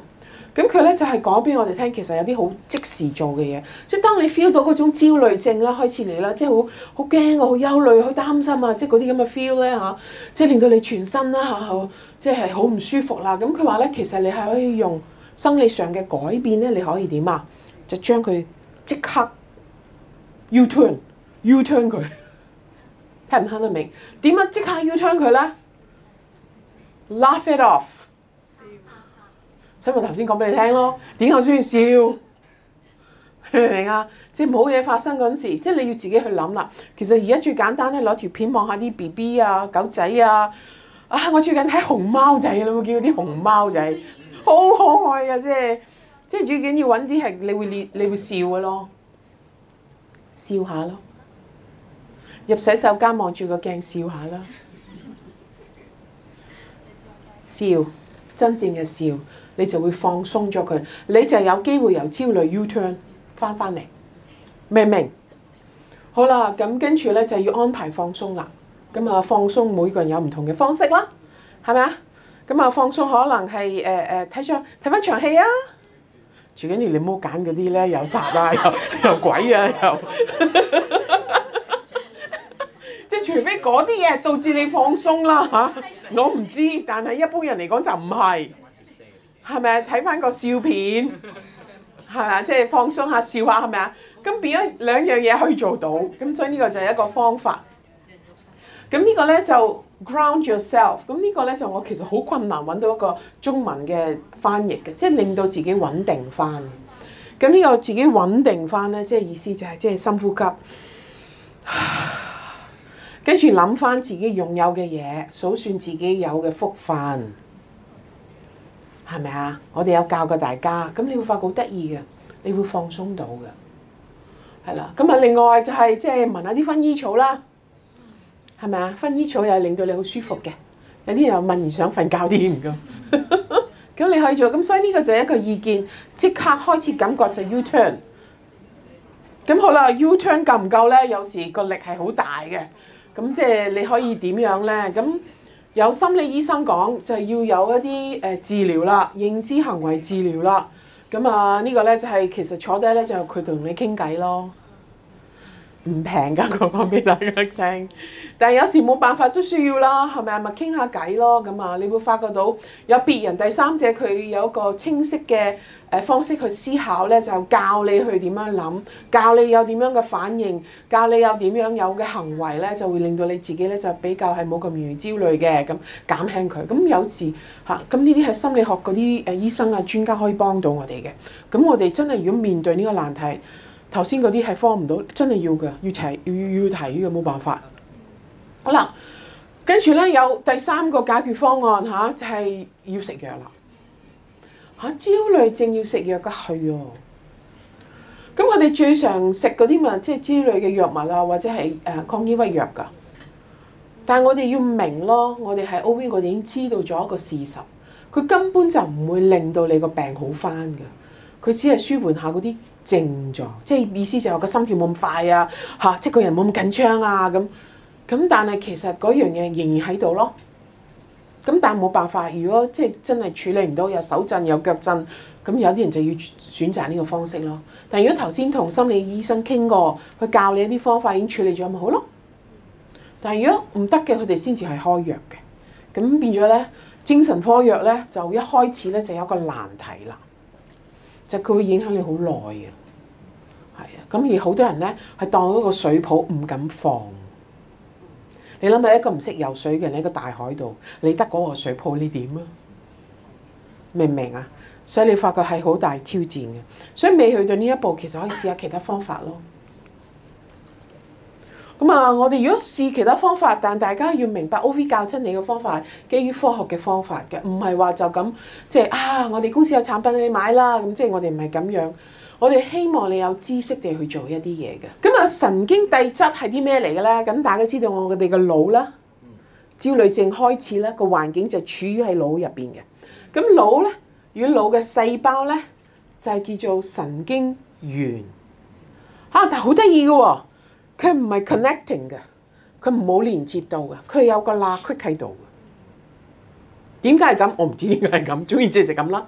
咁佢咧就係講俾我哋聽，其實有啲好即時做嘅嘢，即係當你 feel 到嗰種焦慮症啦，開始嚟啦，即係好好驚啊、好憂慮、好擔心啊，即係嗰啲咁嘅 feel 咧嚇，即係令到你全身啦嚇、啊，即係好唔舒服啦。咁佢話咧，其實你係可以用生理上嘅改變咧，你可以點啊？就將佢即刻 U turn，U turn 佢，聽唔聽得明？點樣即刻 U turn 佢咧？Laugh it off。睇我頭先講俾你聽咯，點解我鍾意笑？明明啊？即係冇嘢發生嗰陣時，即係你要自己去諗啦。其實而家最簡單咧，攞條片望下啲 B B 啊、狗仔啊，啊！我最近睇熊貓仔啦，你會見到啲熊貓仔，貓仔好可愛啊，即係即係最緊要揾啲係你會你你會笑嘅咯，笑下咯，入洗手間望住個鏡笑下啦，笑，真正嘅笑。你就會放鬆咗佢，你就有機會由焦慮 U-turn 翻翻嚟，明唔明？好啦，咁跟住咧就要安排放鬆啦。咁啊，放鬆每個人有唔同嘅方式啦，係咪啊？咁啊，放鬆可能係誒誒睇場睇翻場戲啊。最緊要你唔好揀嗰啲咧，又殺啊，又又鬼啊，又，即係除非嗰啲嘢導致你放鬆啦嚇。我唔知，但係一般人嚟講就唔係。係咪睇翻個笑片，係咪啊？即係放鬆下，笑下，係咪啊？咁變咗兩樣嘢可以做到，咁所以呢個就係一個方法。咁呢個咧就 ground yourself，咁呢個咧就我其實好困難揾到一個中文嘅翻譯嘅，即係令到自己穩定翻。咁呢個自己穩定翻咧，即係意思就係即係深呼吸，跟住諗翻自己擁有嘅嘢，數算自己有嘅福分。係咪啊？我哋有教過大家，咁你會發覺得意嘅，你會放鬆到嘅，係啦。咁啊，另外就係即係聞下啲薰衣草啦，係咪啊？薰衣草又係令到你好舒服嘅，有啲人問完想瞓覺添咁。咁你可以做，咁所以呢個就係一個意見，即刻開始感覺就 U turn。咁好啦，U turn 夠唔夠咧？有時個力係好大嘅，咁即係你可以點樣咧？咁。有心理醫生講就係要有一啲治療啦，認知行為治療啦，咁啊呢個呢、就係，就係其實坐低呢，就佢同你傾偈咯。唔平噶，講講俾大家聽。但係有時冇辦法都需要啦，係咪啊？咪傾下偈咯，咁啊，你會發覺到有別人、第三者，佢有一個清晰嘅誒方式去思考咧，就教你去點樣諗，教你有點樣嘅反應，教你有點樣有嘅行為咧，就會令到你自己咧就比較係冇咁容易焦慮嘅咁減輕佢。咁有時嚇，咁呢啲係心理學嗰啲誒醫生啊專家可以幫到我哋嘅。咁我哋真係如果面對呢個難題。頭先嗰啲係放唔到，真係要嘅，要齊要要要提嘅，冇辦法。好啦，跟住咧有第三個解決方案吓，就係、是、要食藥啦。嚇，焦慮症要食藥嘅係喎。咁我哋最常食嗰啲物，即係焦慮嘅藥物啊，或者係誒抗抑鬱藥嘅。但係我哋要明白咯，我哋喺 O V 我哋已經知道咗一個事實，佢根本就唔會令到你個病好返嘅，佢只係舒緩下嗰啲。症狀，即係意思就係個心跳冇咁快啊，嚇，即係個人冇咁緊張啊咁，咁但係其實嗰樣嘢仍然喺度咯。咁但係冇辦法，如果即係真係處理唔到，有手震有腳震，咁有啲人就要選擇呢個方式咯。但係如果頭先同心理醫生傾過，佢教你一啲方法已經處理咗咪好咯？但係如果唔得嘅，佢哋先至係開藥嘅。咁變咗咧，精神科藥咧就一開始咧就有個難題啦。就佢會影響你好耐嘅，係啊，咁而好多人呢，係當嗰個水泡唔敢放。你諗下，一個唔識游水嘅人喺個大海度，你得嗰個水泡，你點啊？明唔明啊？所以你發覺係好大挑戰嘅，所以未去到呢一步，其實可以試下其他方法咯。咁啊，我哋如果試其他方法，但大家要明白，OV 教親你嘅方法基於科學嘅方法嘅，唔係話就咁即係啊！我哋公司有產品你買啦，咁即係我哋唔係咁樣。我哋希望你有知識地去做一啲嘢嘅。咁啊，神經遞質係啲咩嚟嘅咧？咁大家知道我哋嘅腦啦，焦慮症開始咧，個環境就處於喺腦入邊嘅。咁腦咧，如果腦嘅細胞咧，就係叫做神經元啊！但係好得意嘅喎。佢唔係 connecting 嘅，佢唔好連接到嘅，佢有個罅隙喺度。點解係咁？我唔知點解係咁，總言之就係咁啦。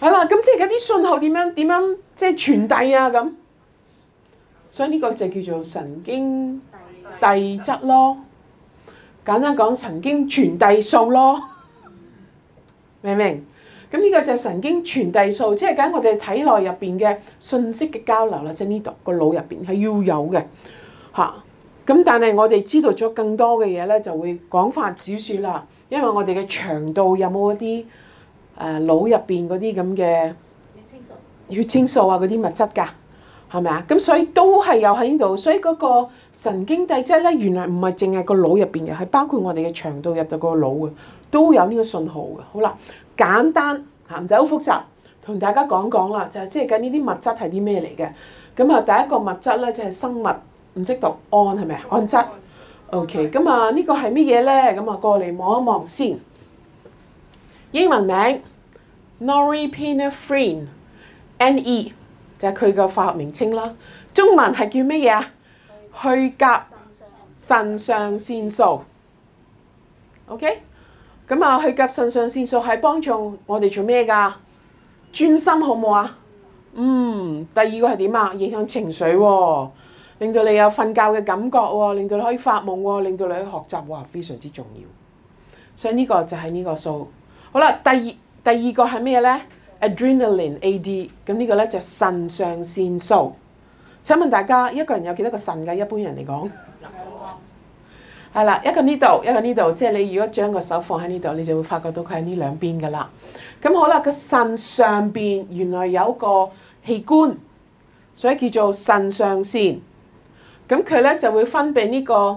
係啦、 嗯，咁即係嗰啲信號點樣點樣即係傳遞啊咁。所以呢個就叫做神經遞質咯。簡單講，神經傳遞素咯，明唔明？咁呢個就係神經傳遞素，即係緊我哋體內入邊嘅信息嘅交流啦。即係呢度個腦入邊係要有嘅，嚇。咁但係我哋知道咗更多嘅嘢咧，就會廣泛指說啦。因為我哋嘅腸道有冇一啲誒腦入邊嗰啲咁嘅血清素、血清素啊嗰啲物質㗎，係咪啊？咁所以都係有喺呢度。所以嗰個神經遞質咧，原來唔係淨係個腦入邊嘅，係包括我哋嘅腸道入到個腦嘅。都有呢個信號嘅，好啦，簡單嚇唔使好複雜，同大家講講啦，就係即係講呢啲物質係啲咩嚟嘅。咁啊，第一個物質咧就係生物，唔識讀胺，係咪？胺質，OK。咁啊，個呢個係乜嘢咧？咁啊，過嚟望一望先。英文名 Norepinephrine，N-E 就係佢嘅化學名稱啦。中文係叫乜嘢啊？去甲及腎上腺素，OK。咁啊，去甲腎上腺素係幫助我哋做咩㗎？專心好冇啊。嗯，第二個係點啊？影響情緒喎、哦，令到你有瞓覺嘅感覺喎，令到你可以發夢喎，令到你可以學習哇，非常之重要。所以呢個就係呢個數。好啦，第二第二個係咩呢 Adrenaline AD 咁呢個呢，AD, 個就係腎上腺素。請問大家，一個人有幾多個腎㗎？一般人嚟講？係啦，一個呢度，一個呢度，即係你如果將個手放喺呢度，你就會發覺到佢喺呢兩邊噶啦。咁好啦，個腎上邊原來有個器官，所以叫做腎上腺。咁佢咧就會分泌呢個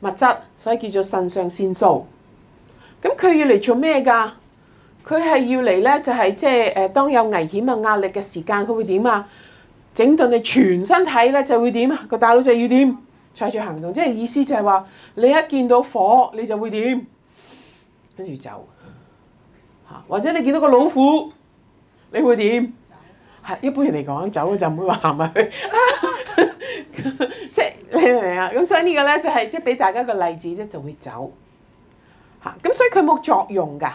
物質，所以叫做腎上腺素。咁佢要嚟做咩噶？佢係要嚟咧就係、是、即係誒，當有危險啊、壓力嘅時間，佢會點啊？整頓你全身體咧就會點啊？個大佬就要點？採取行動，即係意思就係、是、話你一見到火你就會點，跟住走嚇，或者你見到個老虎，你會點？係一,一般人嚟講，走就唔會話行埋去。即 係你明唔明啊？咁所以呢個咧就係即係俾大家一個例子啫，就會走嚇。咁所以佢冇作用㗎。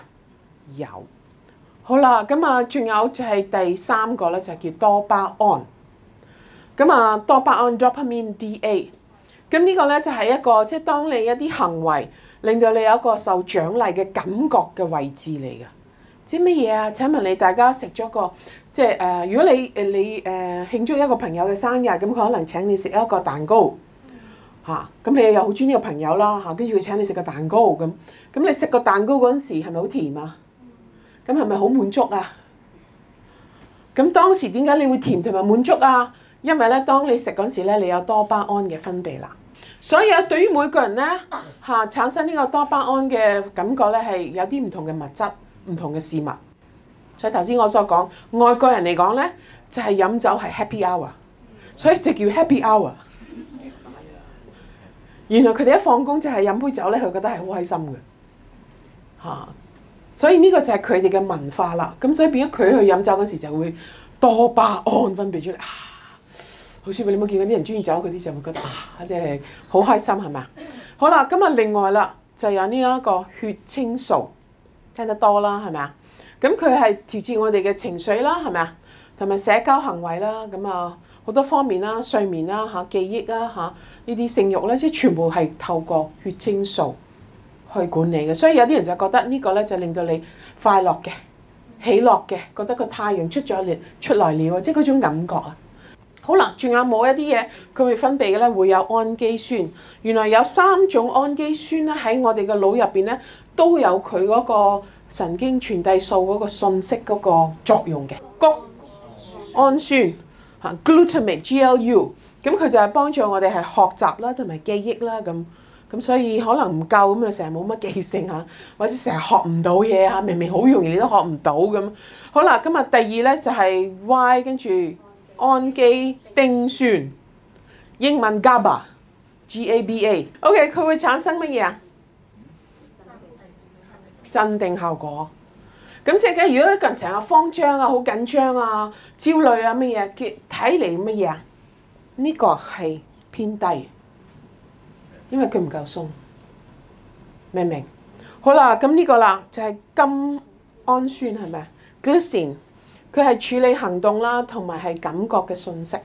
有好啦，咁啊，仲有就係第三個咧，就係、是、叫多巴胺。咁啊，多巴胺 （dopamine，DA）。咁呢個咧就係、是、一個，即係當你一啲行為令到你有一個受獎勵嘅感覺嘅位置嚟嘅。即係乜嘢啊？請問你大家食咗個，即係誒、呃，如果你誒、呃、你誒、呃、慶祝一個朋友嘅生日，咁佢可能請你食一個蛋糕，嚇、啊。咁你又有好鍾意嘅朋友啦，嚇、啊，跟住佢請你食個蛋糕咁。咁、啊、你食個蛋糕嗰陣時係咪好甜啊？咁係咪好滿足啊？咁當時點解你會甜同埋滿足啊？因為咧，當你食嗰時咧，你有多巴胺嘅分泌啦。所以對於每個人咧，嚇、啊、產生呢個多巴胺嘅感覺咧，係有啲唔同嘅物質、唔同嘅事物。所以頭先我所講，外國人嚟講咧，就係、是、飲酒係 Happy Hour，所以就叫 Happy Hour。 原來佢哋一放工就係、是、飲杯酒咧，佢覺得係好開心嘅嚇。所以呢個就係佢哋嘅文化啦。咁所以變咗佢去飲酒嗰時就會多巴胺分泌出嚟。啊。好似你有冇見過啲人中意走嗰啲就會覺得啊，真係好開心，係咪啊？好啦，咁啊，另外啦，就有呢一個血清素，聽得多啦係咪啊？咁佢係調節我哋嘅情緒啦，係咪啊？同埋社交行為啦，咁啊好多方面啦，睡眠啦吓，記憶啦吓，呢啲性慾咧，即係全部係透過血清素去管理嘅。所以有啲人就覺得呢個咧就令到你快樂嘅、喜樂嘅，覺得個太陽出咗嚟，出來了，即係嗰種感覺啊。好啦，仲有冇一啲嘢佢會分泌嘅咧？會有氨基酸。原來有三種氨基酸咧，喺我哋嘅腦入邊咧都有佢嗰個神經傳遞素嗰個信息嗰個作用嘅，谷氨酸嚇，glutamate，G L U，咁佢就係幫助我哋係學習啦，同埋記憶啦。咁咁所以可能唔夠咁就成日冇乜記性嚇，或者成日學唔到嘢嚇，明明好容易你都學唔到咁。好啦，今日第二咧就係、是、Y 跟住。氨基丁酸，英文 GABA，G A B A，OK，佢會產生乜嘢啊？鎮定效果。咁即係如果一個人成日慌張啊、好緊張啊、焦慮啊乜嘢，結睇嚟乜嘢啊？呢個係偏低，因為佢唔夠鬆，明唔明？好啦，咁呢個啦就係甘氨酸係咪啊？Glycine。佢係處理行動啦，同埋係感覺嘅信息，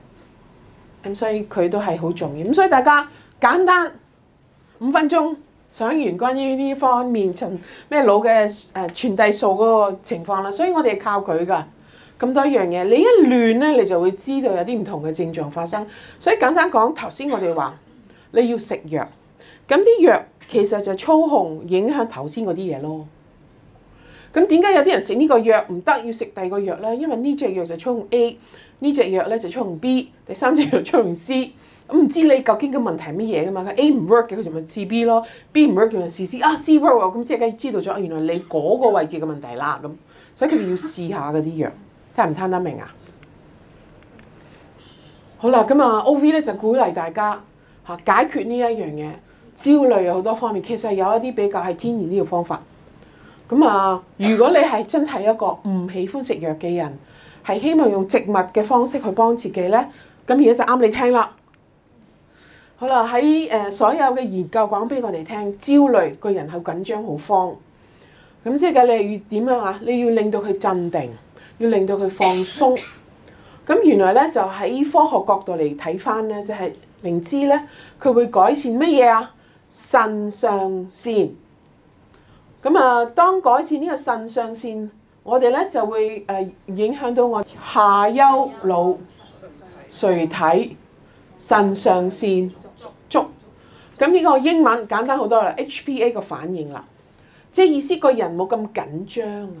咁所以佢都係好重要。咁所以大家簡單五分鐘想完關於呢方面，從咩腦嘅誒傳遞數嗰個情況啦。所以我哋係靠佢噶咁多一樣嘢。你一亂咧，你就會知道有啲唔同嘅症狀發生。所以簡單講，頭先我哋話你要食藥，咁啲藥其實就操控影響頭先嗰啲嘢咯。咁點解有啲人食呢個藥唔得，要食第二個藥咧？因為呢隻藥就用 A，呢隻藥咧就用 B，第三隻藥用 C。咁唔知你究竟個問題係乜嘢噶嘛？佢 A 唔 work 嘅，佢就咪試 B 咯；B 唔 work，佢咪試 C 啊。啊，C work 咁即係梗知道咗，原來你嗰個位置嘅問題啦咁。所以佢哋要試下嗰啲藥，聽唔聽得明啊？好啦，咁啊 OV 咧就鼓勵大家吓解決呢一樣嘢。焦慮有好多方面，其實有一啲比較係天然呢條方法。咁啊，如果你係真係一個唔喜歡食藥嘅人，係希望用植物嘅方式去幫自己咧，咁而家就啱你聽啦。好啦，喺誒所有嘅研究講俾我哋聽，焦慮個人係緊張好慌，咁即係嘅你要點樣啊？你要令到佢鎮定，要令到佢放鬆。咁原來咧就喺科學角度嚟睇翻咧，就係靈芝咧，佢會改善乜嘢啊？腎上腺。咁啊，當改善呢個腎上腺，我哋咧就會誒影響到我下丘腦、垂體、腎上腺，足。咁呢個英文簡單好多啦。HPA 個反應啦，即係意思個人冇咁緊張啊！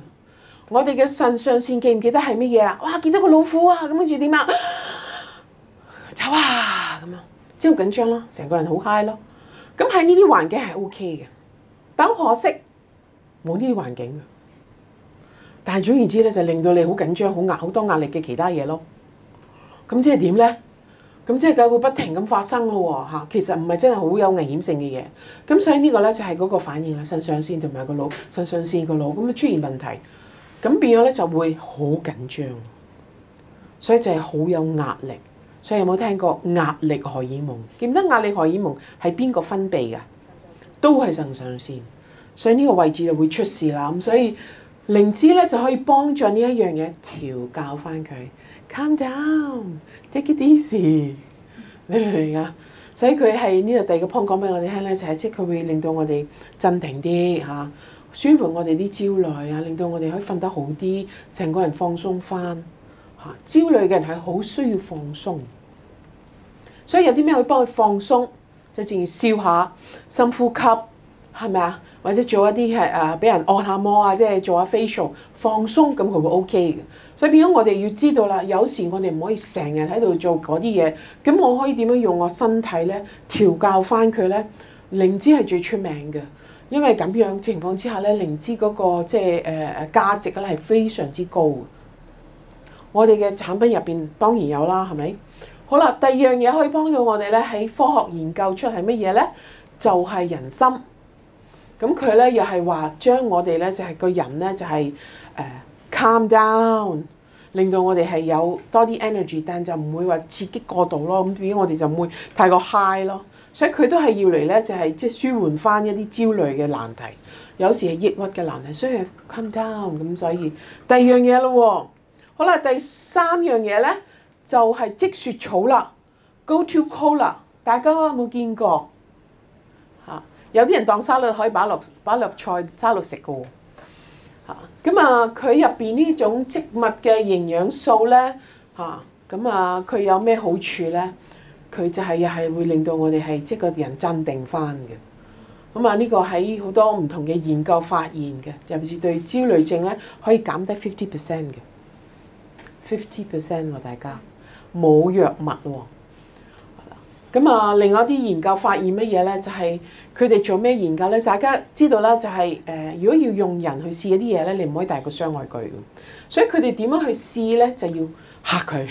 我哋嘅腎上腺記唔記得係乜嘢啊？哇！見到個老虎啊，咁跟住點啊？走啊！咁樣即係好緊張咯，成個人好嗨咯。咁喺呢啲環境係 OK 嘅，但可惜。冇呢啲環境，但係總而言之咧，就令到你好緊張、好壓好多壓力嘅其他嘢咯。咁即係點咧？咁即係佢會不停咁發生咯喎。其實唔係真係好有危險性嘅嘢。咁所以這個呢個咧就係、是、嗰個反應啦，腎上腺同埋個腦腎上腺個腦咁就出現問題，咁變咗就會好緊張，所以就係好有壓力。所以有冇有聽過壓力荷爾蒙？記得壓力荷爾蒙係邊個分泌嘅？都係腎上腺。所以呢個位置就會出事啦，咁所以靈芝咧就可以幫助呢一樣嘢調教翻佢，calm down，take it easy，明唔明啊？所以佢係呢個第二個 point 講俾我哋聽咧，就係即係佢會令到我哋鎮定啲，舒緩我哋啲焦慮啊，令到我哋可以瞓得好啲，成個人放鬆翻。焦慮嘅人係好需要放鬆，所以有啲咩可以幫佢放鬆，就例如笑一下、深呼吸。係咪啊？或者做一啲係誒俾人按下摩啊，即係做下 facial 放鬆，咁佢會 OK 嘅。所以變咗我哋要知道啦，有時我哋唔可以成日喺度做嗰啲嘢，咁我可以點樣用我身體咧調教翻佢咧？靈芝係最出名嘅，因為咁樣情況之下咧，靈芝嗰個即係誒誒價值咧係非常之高。我哋嘅產品入邊當然有啦，係咪？好啦，第二樣嘢可以幫到我哋咧，喺科學研究出係乜嘢咧？就係人心。咁佢咧又係話將我哋咧就係、是、個人咧就係、是、誒、uh, calm down，令到我哋係有多啲 energy，但就唔會話刺激過度咯。咁對於我哋就唔會太過 high 咯。所以佢都係要嚟咧就係即係舒緩返一啲焦慮嘅難題，有時係抑鬱嘅難題，所以 calm down。咁所以第二樣嘢咯，好啦，第三樣嘢咧就係、是、積雪草啦，Gotu Kola，大家有冇見過？有啲人當沙律可以擺落擺落菜沙律食嘅喎嚇，咁啊佢入邊呢種植物嘅營養素咧嚇，咁啊佢有咩好處咧？佢就係又係會令到我哋係即係個人鎮定返嘅。咁啊呢個喺好多唔同嘅研究發現嘅，尤其是對焦慮症咧可以減低 fifty percent 嘅。fifty percent 喎，大家冇藥物喎。咁啊，另外啲研究發現乜嘢咧？就係佢哋做咩研究咧？大家知道啦、就是，就係誒，如果要用人去試一啲嘢咧，你唔可以大個傷害佢。所以佢哋點樣去試咧？就要嚇佢，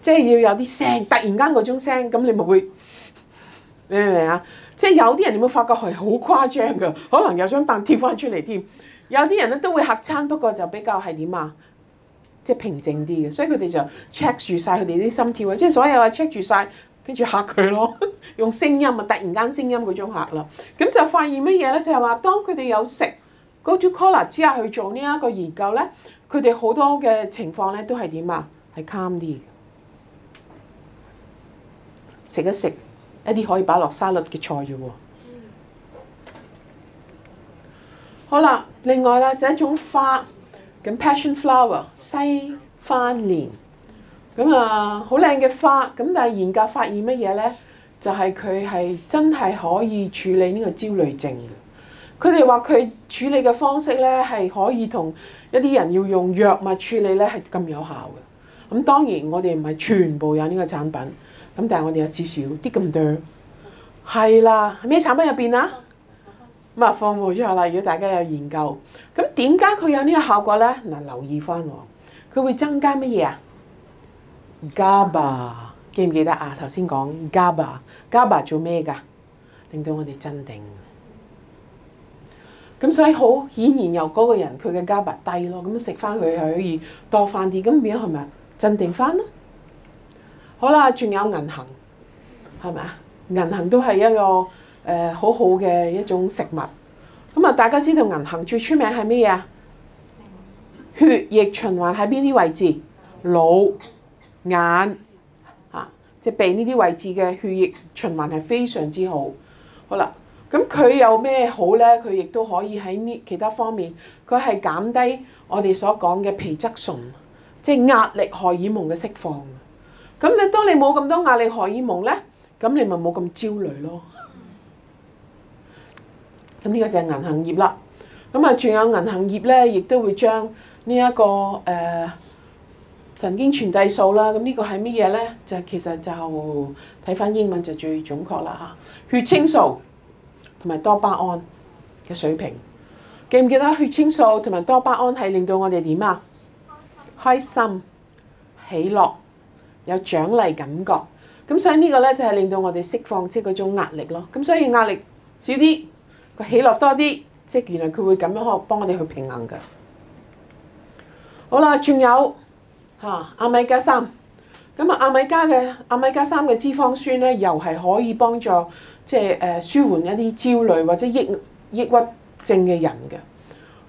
即 係要有啲聲，突然間嗰種聲，咁你咪會，你明唔明啊？即、就、係、是、有啲人你會發覺係好誇張噶，可能有張凳跳翻出嚟添。有啲人咧都會嚇親，不過就比較係點啊？即係平靜啲嘅，所以佢哋就 check 住晒佢哋啲心跳啊，即係所有啊 check 住晒，跟住嚇佢咯，用聲音啊，突然間聲音嗰種嚇啦。咁就發現乜嘢咧？就係話當佢哋有食 go to colour 之下去做呢一個研究咧，佢哋好多嘅情況咧都係點啊？係 calm 啲，食一食一啲可以擺落沙律嘅菜啫喎。好啦，另外啦，就一種花。咁 passion flower 西番蓮，咁啊好靚嘅花，咁但係研究發現乜嘢咧？就係佢係真係可以處理呢個焦慮症嘅。佢哋話佢處理嘅方式咧，係可以同一啲人要用藥物處理咧，係咁有效嘅。咁當然我哋唔係全部有呢個產品，咁但係我哋有少少啲咁多。係啦，係咩產品入邊啊？唔啊，放冇錯啦！如果大家有研究，咁點解佢有呢個效果咧？嗱，留意翻喎，佢會增加乜嘢啊？GABA，記唔記得啊？頭先講 GABA，GABA 做咩噶？令到我哋鎮定。咁所以好顯然有嗰個，又高嘅人佢嘅 GABA 低咯，咁食翻佢係可以多翻啲，咁變咗係咪鎮定翻咧？好啦，仲有銀杏，係咪啊？銀杏都係一個。誒、呃、好好嘅一種食物，咁啊大家知道銀杏最出名係咩嘢啊？血液循環喺邊啲位置？腦、眼，即、啊、係、就是、鼻呢啲位置嘅血液循環係非常之好。好啦，咁佢有咩好呢？佢亦都可以喺呢其他方面，佢係減低我哋所講嘅皮質醇，即、就、係、是、壓力荷爾蒙嘅釋放。咁你當你冇咁多壓力荷爾蒙呢，咁你咪冇咁焦慮咯。咁呢個就係銀杏葉啦。咁啊，仲有銀杏葉咧、這個，亦都會將呢一個誒神經傳遞素啦。咁、這個、呢個係乜嘢咧？就其實就睇返英文就最準確啦嚇。血清素同埋多巴胺嘅水平，記唔記得血清素同埋多巴胺係令到我哋點啊？開心、喜樂、有獎勵感覺。咁所以呢個咧就係令到我哋釋放即係嗰種壓力咯。咁所以壓力少啲。個起落多啲，即係原來佢會咁樣可幫我哋去平衡嘅。好啦，仲有吓阿、啊、米加三，咁啊阿米加嘅阿、啊、米加三嘅脂肪酸咧，又係可以幫助即係誒、呃、舒緩一啲焦慮或者抑抑鬱症嘅人嘅。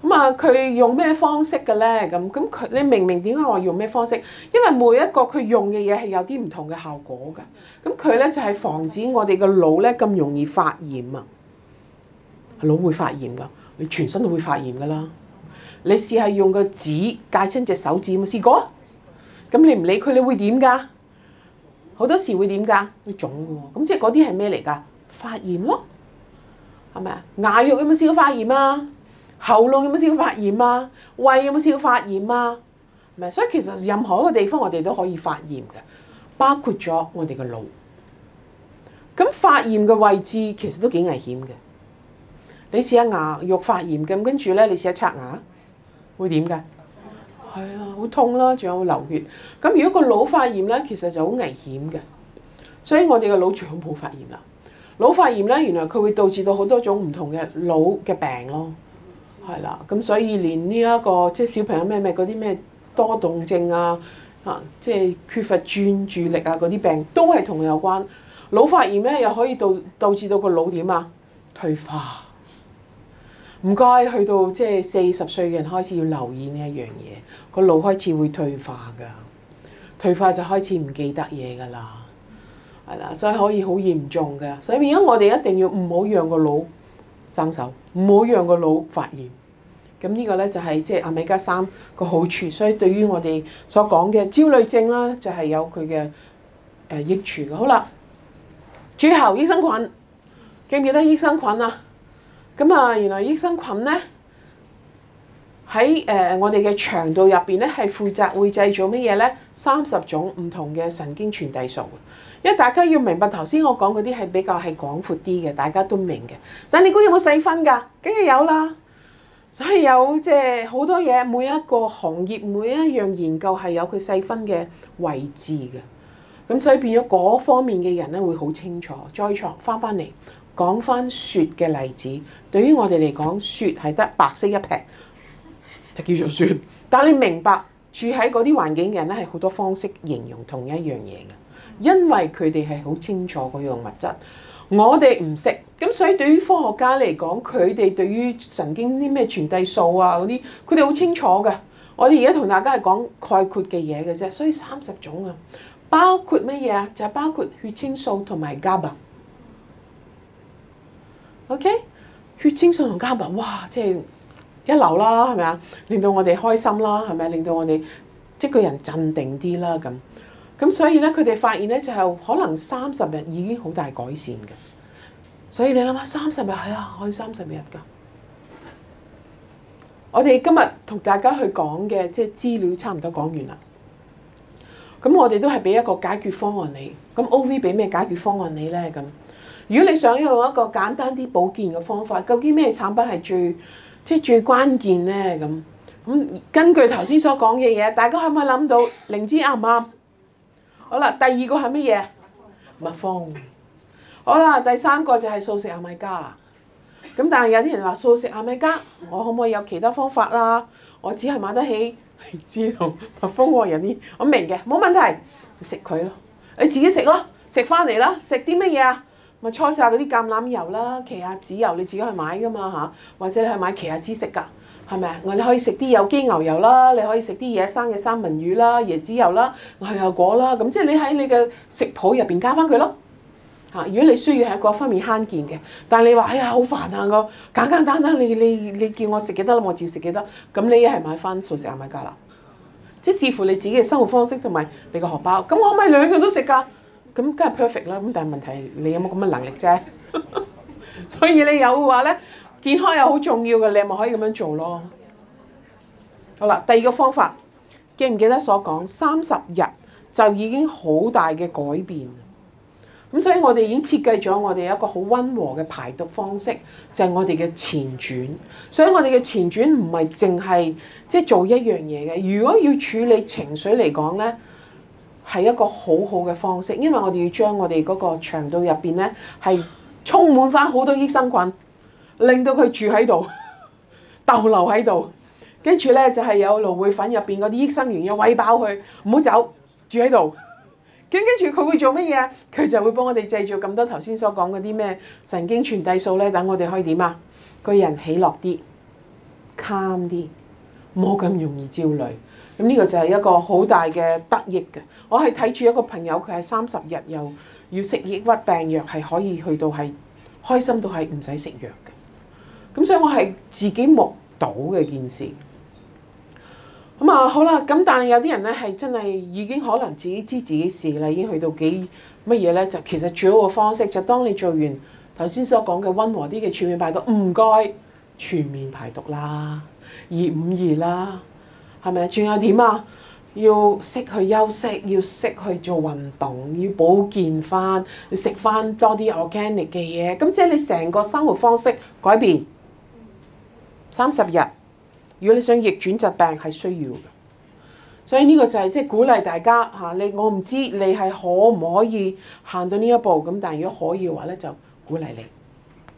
咁啊，佢用咩方式嘅咧？咁咁佢你明唔明點解我用咩方式？因為每一個佢用嘅嘢係有啲唔同嘅效果嘅。咁佢咧就係、是、防止我哋嘅腦咧咁容易發炎啊！腦會發炎噶，你全身都會發炎噶啦。你試下用個指戒親隻手指有冇試過？咁你唔理佢，你會點噶？好多時會點噶？會腫噶喎。咁即係嗰啲係咩嚟噶？發炎咯，係咪啊？牙肉有冇試過發炎啊？喉嚨有冇試過發炎啊？胃有冇試過發炎啊？係咪？所以其實任何一個地方我哋都可以發炎嘅，包括咗我哋個腦。咁發炎嘅位置其實都幾危險嘅。你試下牙肉發炎嘅，咁跟住咧，你試下刷牙會點㗎？係啊，好痛啦，仲有流血。咁如果個腦發炎咧，其實就好危險嘅。所以我哋嘅腦最好冇發炎啦。腦發炎咧，原來佢會導致到好多種唔同嘅腦嘅病咯，係啦、啊。咁所以連呢、這、一個即係小朋友咩咩嗰啲咩多動症啊啊，即係缺乏專注力啊嗰啲病都係同佢有關。腦發炎咧又可以導導致到個腦點啊退化。唔該，去到即係四十歲嘅人開始要留意呢一樣嘢，個腦開始會退化㗎，退化就開始唔記得嘢㗎啦，係啦，所以可以好嚴重㗎。所以而家我哋一定要唔好讓個腦生鏽，唔好讓個腦發炎。咁呢個咧就係即係阿美加三個好處，所以對於我哋所講嘅焦慮症啦，就係有佢嘅誒益處。好啦，最後益生菌，記唔記得益生菌啊？咁啊，原來益生菌咧喺誒我哋嘅腸道入邊咧，係負責會製造乜嘢咧？三十種唔同嘅神經傳遞素。因為大家要明白頭先我講嗰啲係比較係廣闊啲嘅，大家都明嘅。但你估有冇細分㗎？梗係有啦，所以有即係好多嘢，每一個行業每一樣研究係有佢細分嘅位置嘅。咁所以變咗嗰方面嘅人咧，會好清楚。再坐翻翻嚟。講翻雪嘅例子，對於我哋嚟講，雪係得白色一撇就叫做雪。 但你明白住喺嗰啲環境嘅人咧，係好多方式形容同一樣嘢嘅，因為佢哋係好清楚嗰樣物質。我哋唔識，咁所以對於科學家嚟講，佢哋對於神經啲咩傳遞素啊嗰啲，佢哋好清楚㗎。我哋而家同大家係講概括嘅嘢嘅啫，所以三十種啊，包括乜嘢啊？就係、包括血清素同埋 GABA。OK，血清素同膠原，哇，即係一流啦，係咪啊？令到我哋開心啦，係咪啊？令到我哋即個人鎮定啲啦，咁。咁所以咧，佢哋發現咧，就係可能三十日已經好大改善嘅。所以你諗下，三十日係啊，可以三十日㗎。我哋今日同大家去講嘅，即係資料差唔多講完啦。咁我哋都係俾一個解決方案你。咁 OV 俾咩解決方案你咧？咁？如果你想用一個簡單啲保健嘅方法，究竟咩產品係最即係最關鍵呢？咁咁根據頭先所講嘅嘢，大家可唔可以諗到靈芝啱唔啱？好啦，第二個係乜嘢？蜜蜂。好啦，第三個就係素食阿米加。咁但係有啲人話素食阿米加，我可唔可以有其他方法啦？我只係買得起靈芝同蜜蜂，我有啲我明嘅，冇問題，食佢咯，你自己食咯，食翻嚟啦，食啲乜嘢啊？咪初晒嗰啲橄欖油啦，奇亞籽油你自己去買噶嘛嚇，或者你去買奇亞籽食噶，係咪啊？我你可以食啲有機牛油啦，你可以食啲野生嘅三文魚啦、椰子油啦、牛油果啦，咁即係你喺你嘅食譜入邊加翻佢咯嚇。如果你需要喺各方面慳儉嘅，但係你話哎呀好煩啊，我簡簡單單你你你，你叫我食幾多，我照食幾多。咁你係買翻素食亞米加啦，即係視乎你自己嘅生活方式同埋你個荷包。咁我可唔可以兩樣都食噶？咁梗係 perfect 啦，咁但係問題你有冇咁嘅能力啫？ 所以你有嘅話咧，健康又好重要嘅，你咪可以咁樣做咯。好啦，第二個方法，記唔記得所講三十日就已經好大嘅改變。咁所以我哋已經設計咗我哋一個好溫和嘅排毒方式，就係我哋嘅前轉。所以我哋嘅前轉唔係淨係即係做一樣嘢嘅。如果要處理情緒嚟講咧。係一個很好好嘅方式，因為我哋要將我哋嗰個腸道入邊咧係充滿翻好多益生菌，令到佢住喺度 逗留喺度，跟住咧就係、是、有蘆薈粉入邊嗰啲益生元要餵飽佢，唔好走，住喺度。跟跟住佢會做乜嘢啊？佢就會幫我哋製造咁多頭先所講嗰啲咩神經傳遞素咧，等我哋可以點啊？個人喜樂啲，calm 啲，唔好咁容易焦慮。咁呢個就係一個好大嘅得益嘅，我係睇住一個朋友，佢係三十日又要食抑鬱病藥，係可以去到係開心到係唔使食藥嘅。咁所以我係自己目睹嘅件事。咁啊好啦，咁但係有啲人咧係真係已經可能自己知自己事啦，已經去到幾乜嘢咧？就其實最好嘅方式就當你做完頭先所講嘅溫和啲嘅全面排毒，唔該全面排毒啦，二五二啦。係咪仲有點啊？要識去休息，要識去做運動，要保健翻，要食翻多啲 organic 嘅嘢。咁即係你成個生活方式改變三十日。如果你想逆轉疾病係需要嘅，所以呢個就係即係鼓勵大家吓你。我唔知你係可唔可以行到呢一步咁，但係如果可以嘅話咧，就鼓勵你。